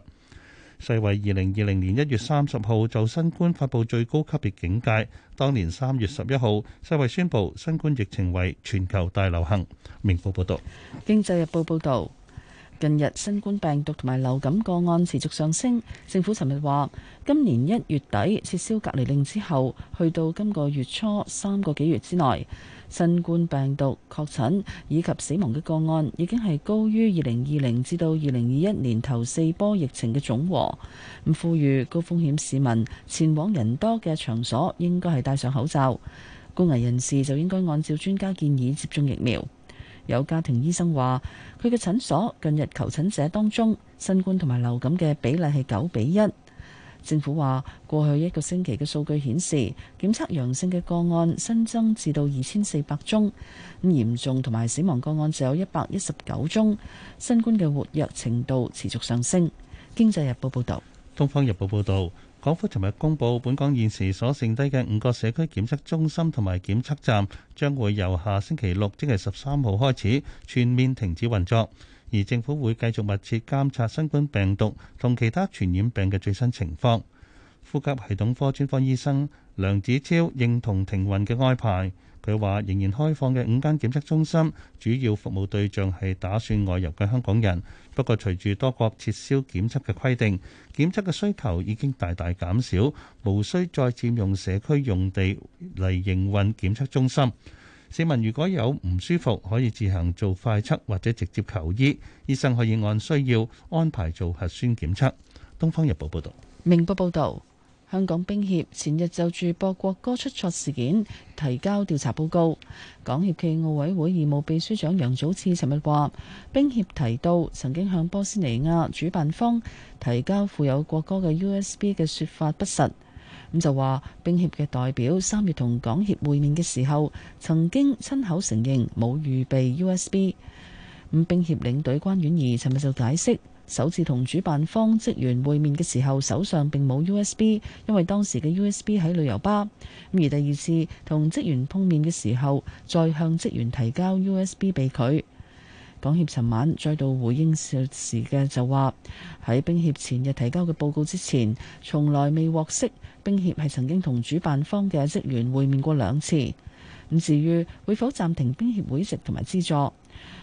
S4: 世衛二零二零年一月三十號就新冠發佈最高級別警戒，當年三月十一號世衛宣布新冠疫情為全球大流行。明報報道。
S3: 經濟日報報道，近日新冠病毒同埋流感個案持續上升。政府尋日話，今年一月底撤銷隔離令之後，去到今個月初三個幾月之內。新冠病毒確診以及死亡嘅個案已經係高於二零二零至到二零二一年頭四波疫情嘅總和。咁呼籲高風險市民前往人多嘅場所應該係戴上口罩。高危人士就應該按照專家建議接種疫苗。有家庭醫生話，佢嘅診所近日求診者當中新冠同埋流感嘅比例係九比一。政府話，過去一個星期嘅數據顯示，檢測陽性嘅個案新增至到二千四百宗，咁嚴重同埋死亡個案就有一百一十九宗，新冠嘅活躍程度持續上升。《經濟日報》報道：《東方日報》報
S4: 道，港府尋日公佈，本港現時所剩低嘅五個社區檢測中心同埋檢測站，將會由下星期六即係十三號開始全面停止運作。而政府會繼續密切監察新冠病毒同其他傳染病嘅最新情況。呼吸系統科專科醫生梁子超認同停運嘅安排。佢話：仍然開放嘅五間檢測中心，主要服務對象係打算外遊嘅香港人。不過，隨住多國撤銷檢測嘅規定，檢測嘅需求已經大大減少，無需再佔用社區用地嚟營運檢測中心。市民如果有唔舒服，可以自行做快測或者直接求醫，醫生可以按需要安排做核酸檢測。《東方日報》報道，
S3: 《明報》報道，香港冰協前日就住播國歌出錯事件提交調查報告。港協暨奧委會義務秘書長楊祖賜昨日話，冰協提到曾經向波斯尼亞主辦方提交附有國歌嘅 USB 嘅說法不實。咁就話冰協嘅代表三月同港協會面嘅時候，曾經親口承認冇預備 U S B。咁，冰協領隊關婉儀尋日就解釋，首次同主辦方職員會面嘅時候手上並冇 U S B，因為當時嘅 U S B 喺旅遊巴。咁而第二次同職員碰面嘅時候，再向職員提交 U S B 被拒。港協尋晚再度回應時嘅就話喺冰協前日提交嘅報告之前，從來未獲悉。冰協係曾經同主辦方嘅職員會面過兩次，咁至於會否暫停冰協會籍同埋資助，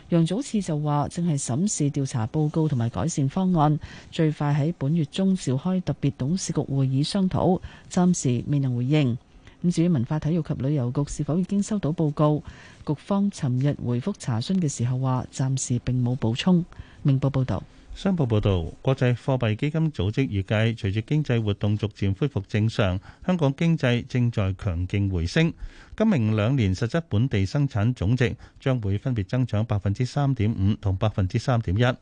S3: 楊祖賜就話正係審視調查報告同埋改善方案，最快喺本月中召開特別董事局會議商討，暫時未能回應。咁至於文化體育及旅遊局是否已經收到報告，局方尋日回覆查詢嘅時候話暫時並冇補充。明報報道。
S4: 商報報導，國際貨幣基金組織預計，隨住經濟活動逐漸恢復正常，香港經濟正在強勁回升。今明兩年實質本地生產總值將會分別增長百分之三點五同百分之三點一。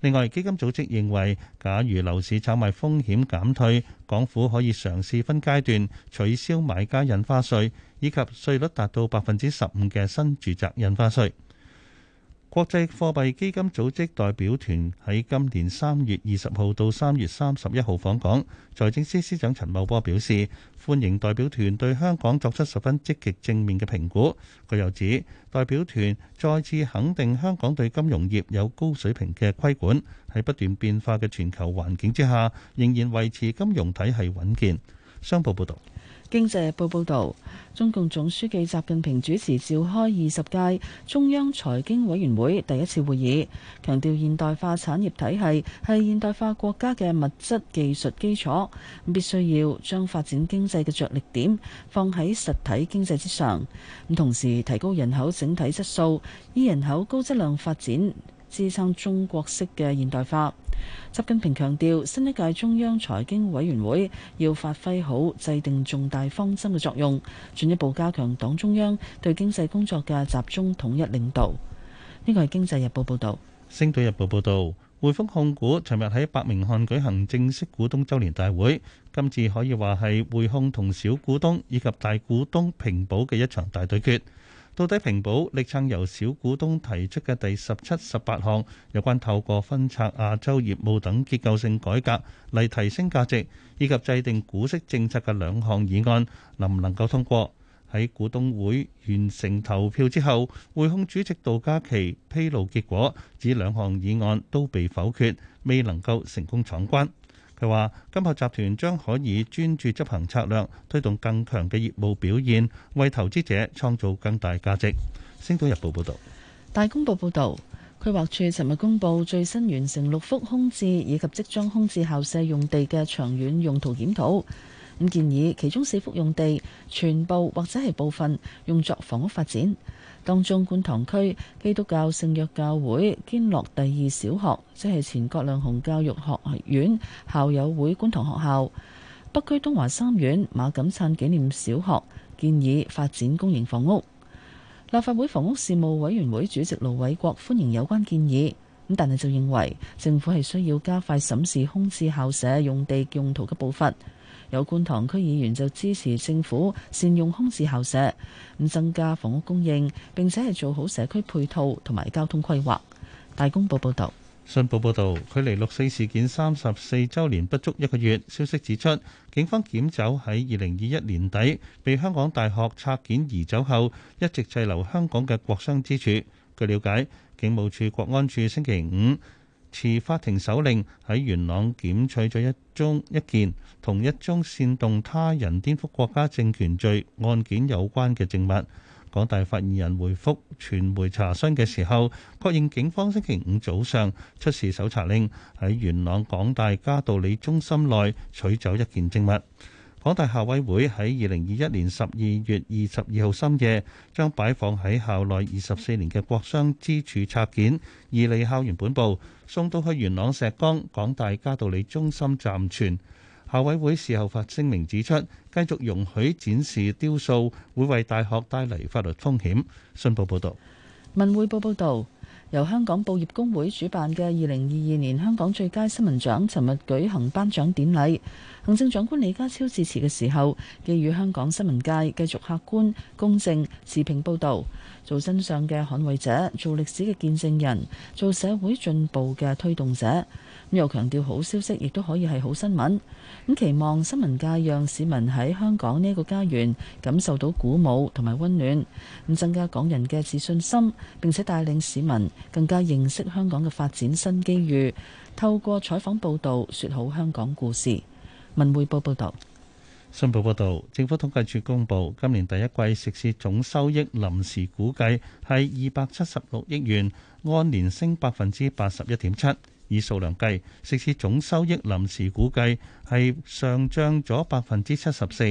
S4: 另外，基金組織認為，假如樓市炒賣風險減退，港府可以嘗試分階段取消買家印花稅，以及稅率達到百分之十五嘅新住宅印花稅。國際貨幣基金組織代表團喺今年三月二十號到三月三十一號訪港，財政司司長陳茂波表示歡迎代表團對香港作出十分積極正面嘅評估。佢又指，代表團再次肯定香港對金融業有高水平嘅規管，喺不斷變化嘅全球環境之下，仍然維持金融體系穩健。商報報道。
S3: 經濟報道，中共總書記習近平主持召開二十屆中央財經委員會第一次會議，強調現代化產業體系係現代化國家嘅物質技術基礎，必須要將發展經濟嘅着力點放喺實體經濟之上，咁同時提高人口整體質素，以人口高質量發展，支撐中國式嘅現代化。習近平強調，新一屆中央財經委員會要發揮好制定重大方針嘅作用，進一步加強黨中央對經濟工作嘅集中統一領導。呢個係《經濟日報》報道，《
S4: 星島日報》報道，匯豐控股尋日喺伯明翰舉行正式股東周年大會，今次可以話係匯控同小股東以及大股東平保嘅一場大對決。到底平保力撐由小股東提出嘅第十七、十八項有關透過分拆亞洲業務等結構性改革，嚟提升價值，以及制定股息政策嘅兩項議案，能唔能夠通過，喺股東會完成投票之後，匯控主席杜嘉祺披露結果，指兩項議案都被否決，未能夠成功闖關。佢話：金鶴集團將可以專注執行策略，推動更強嘅業務表現，為投資者創造更大價值。星島日報報道，
S3: 大公報報道，規劃處尋日公布最新完成六幅空置以及即將空置校舍用地嘅長遠用途檢討，咁建議其中四幅用地全部或者係部分用作房屋發展。當中，觀塘區基督教聖約教會堅樂第二小學即係前葛量洪教育學院校友會觀塘學校，北區東華三院馬錦燦紀念小學建議發展公營房屋。立法會房屋事務委員會主席盧偉國歡迎有關建議，咁但係就認為政府係需要加快審視空置校舍用地用途嘅步伐。有觀塘區議員就支持政府善用空置校舍，咁增加房屋供應，並且係做好社區配套同埋交通規劃。大公報報道：
S4: 「信報報道，距離六四事件三十四周年不足一個月，消息指出，警方檢走喺二零二一年底被香港大學拆件移走後，一直滯留香港嘅國殤之柱。據了解，警務處國安處星期五持法庭手令喺元朗檢取咗一宗一件同一宗煽動他人顛覆國家政權罪案件有關嘅證物。港大發言人回覆傳媒查詢嘅時候，確認警方星期五早上出示搜查令喺元朗港大加道理中心內取走一件證物。港大校委會喺二零二一年十二月二十二號深夜，將擺放喺校內二十四年嘅國殤之柱拆件，移離校園本部送到去元朗石崗港大嘉道理中心暫存。校委會事後發聲明指出，繼續容許展示雕塑會為大學帶嚟法律風險。信報報道，
S3: 文匯報報道。由香港報業工會主辦嘅二零二二年香港最佳新聞獎尋日舉行頒獎典禮，行政長官李家超致辭嘅時候，寄語香港新聞界繼續客觀、公正、持平報道，做真相嘅捍衛者，做歷史嘅見證人，做社會進步嘅推動者。又強調好消息亦都可以係好新聞。咁期望新聞界讓市民喺香港呢個家園感受到鼓舞同埋溫暖，咁增加港人嘅自信心，並且帶領市民更加認識香港嘅發展新機遇。透過採訪報導，說好香港故事。文匯報報導，
S4: 新報報導，政府統計處公布今年第一季食肆總收益臨時估計係二百七十六億元，按年升百分之八十一點七。以數量計，食肆總收益臨時估計係上漲咗百分之七十四；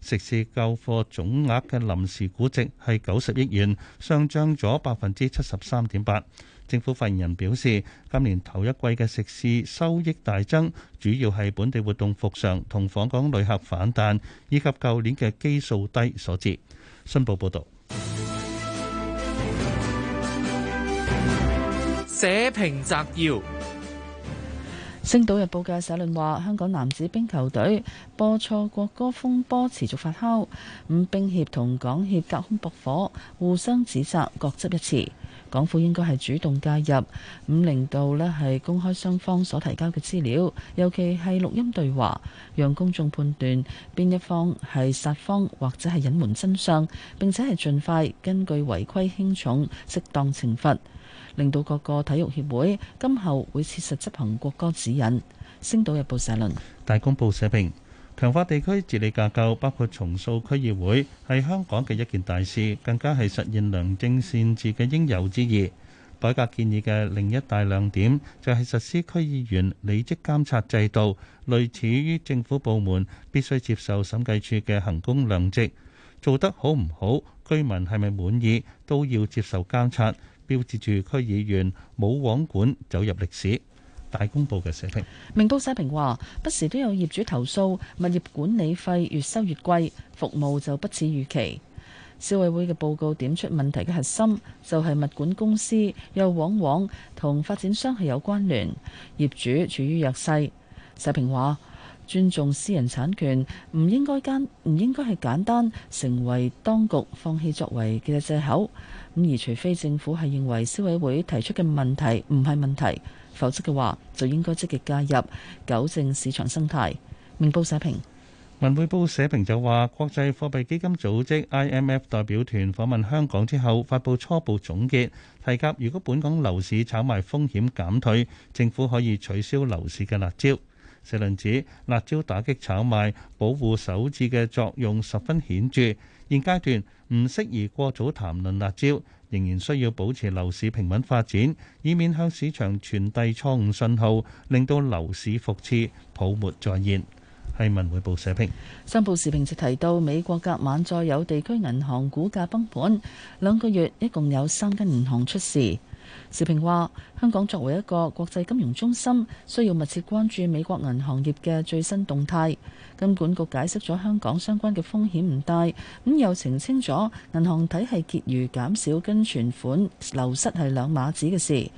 S4: 食肆購貨總額嘅臨時估值係九十億元，上漲咗百分之七十三點八。政府發言人表示，今年頭一季嘅食肆收益大增，主要係本地活動復常同訪港旅客反彈，以及舊年嘅基數低所致。新報報導。
S11: 寫評摘要。
S3: 《星島日報》嘅社論話，香港男子冰球隊播錯國歌風波持續發酵，五冰協同港協隔空駁火，互相指責，各執一詞。港府應該係主動介入，五令到呢係公開雙方所提交嘅資料，尤其係錄音對話，讓公眾判斷邊一方係撒謊或者係隱瞞真相，並且係盡快根據違規輕重適當懲罰。令到各個體育協會今後會切實執行國歌指引。《星島日報》社論。
S4: 《大公報》社評強化地區治理架構，包括重塑區議會，係香港嘅一件大事，更加係實現良政善治嘅應有之義。改革建議嘅另一大亮點就係實施區議員履職監察制度，類似於政府部門必須接受審計處嘅衡工量值做得好唔好，居民係咪滿意都要接受監察。標誌住區議員冇網管走入歷史，大公報嘅社評。
S3: 明報社評話，不時都有業主投訴，物業管理費越收越貴，服務就不似預期。消委會嘅報告點出問題嘅核心，就係、是、物管公司又往往同發展商係有關聯，業主處於弱勢。社評話。尊重私人產權，唔應該簡唔應該係簡單成為當局放棄作為嘅藉口。咁而除非政府係認為消委會提出嘅問題唔係問題，否則嘅話就應該積極介入，糾正市場生態。明報社評。
S4: 文匯報社評就話，國際貨幣基金組織 IMF 代表團訪問香港之後，發布初步總結，提及如果本港樓市炒賣風險減退，政府可以取消樓市嘅辣招。社論指辣椒打擊炒賣、保護首置嘅作用十分顯著，現階段唔適宜過早談論辣椒，仍然需要保持樓市平穩發展，以免向市場傳遞錯誤信號，令到樓市復熾，泡沫再現。係文匯報社評。
S3: 新報時評就提到，美國隔晚再有地區銀行股價崩盤，兩個月一共有三間銀行出事。時評話：香港作為一個國際金融中心，需要密切關注美國銀行業嘅最新動態。金管局解釋咗香港相關嘅風險唔大，咁又澄清咗銀行體系結餘減少跟存款流失係兩碼子嘅事。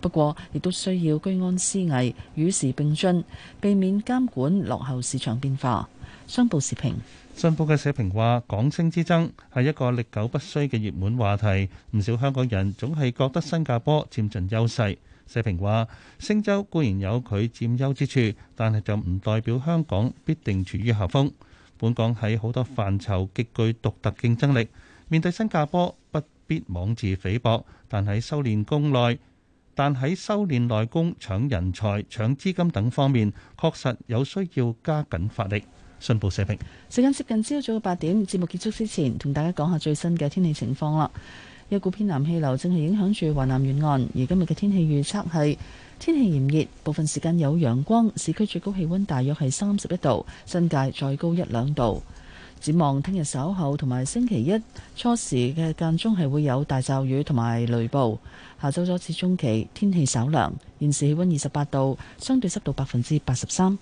S3: 不過，亦都需要居安思危，與時並進，避免監管落後市場變化。商報時評。信報嘅社評話，港星之爭係一個歷久不衰
S4: 嘅熱門話題。唔少香港人總係覺得新加坡佔盡優勢。社評話，星洲固然有佢佔優之處，但係就唔代表香港必定處於下風。本港喺好多範疇極具獨特競爭力，面對新加坡不必妄自菲薄，但喺修煉功內，但喺修煉內功、搶人才、搶資金等方面，確實有需要加緊發力。信報社評。
S3: 時間接近朝早八點，節目結束之前，同大家講下最新嘅天氣情況啦。一股偏南氣流正係影響住華南沿岸，而今日嘅天氣預測係天氣炎熱，部分時間有陽光，市區最高氣溫大約係三十一度，新界再高一兩度。展望聽日稍後同埋星期一初時嘅間中係會有大驟雨同埋雷暴。下週初至中期天氣稍涼，現時氣溫二十八度，相對濕度百分之八十三。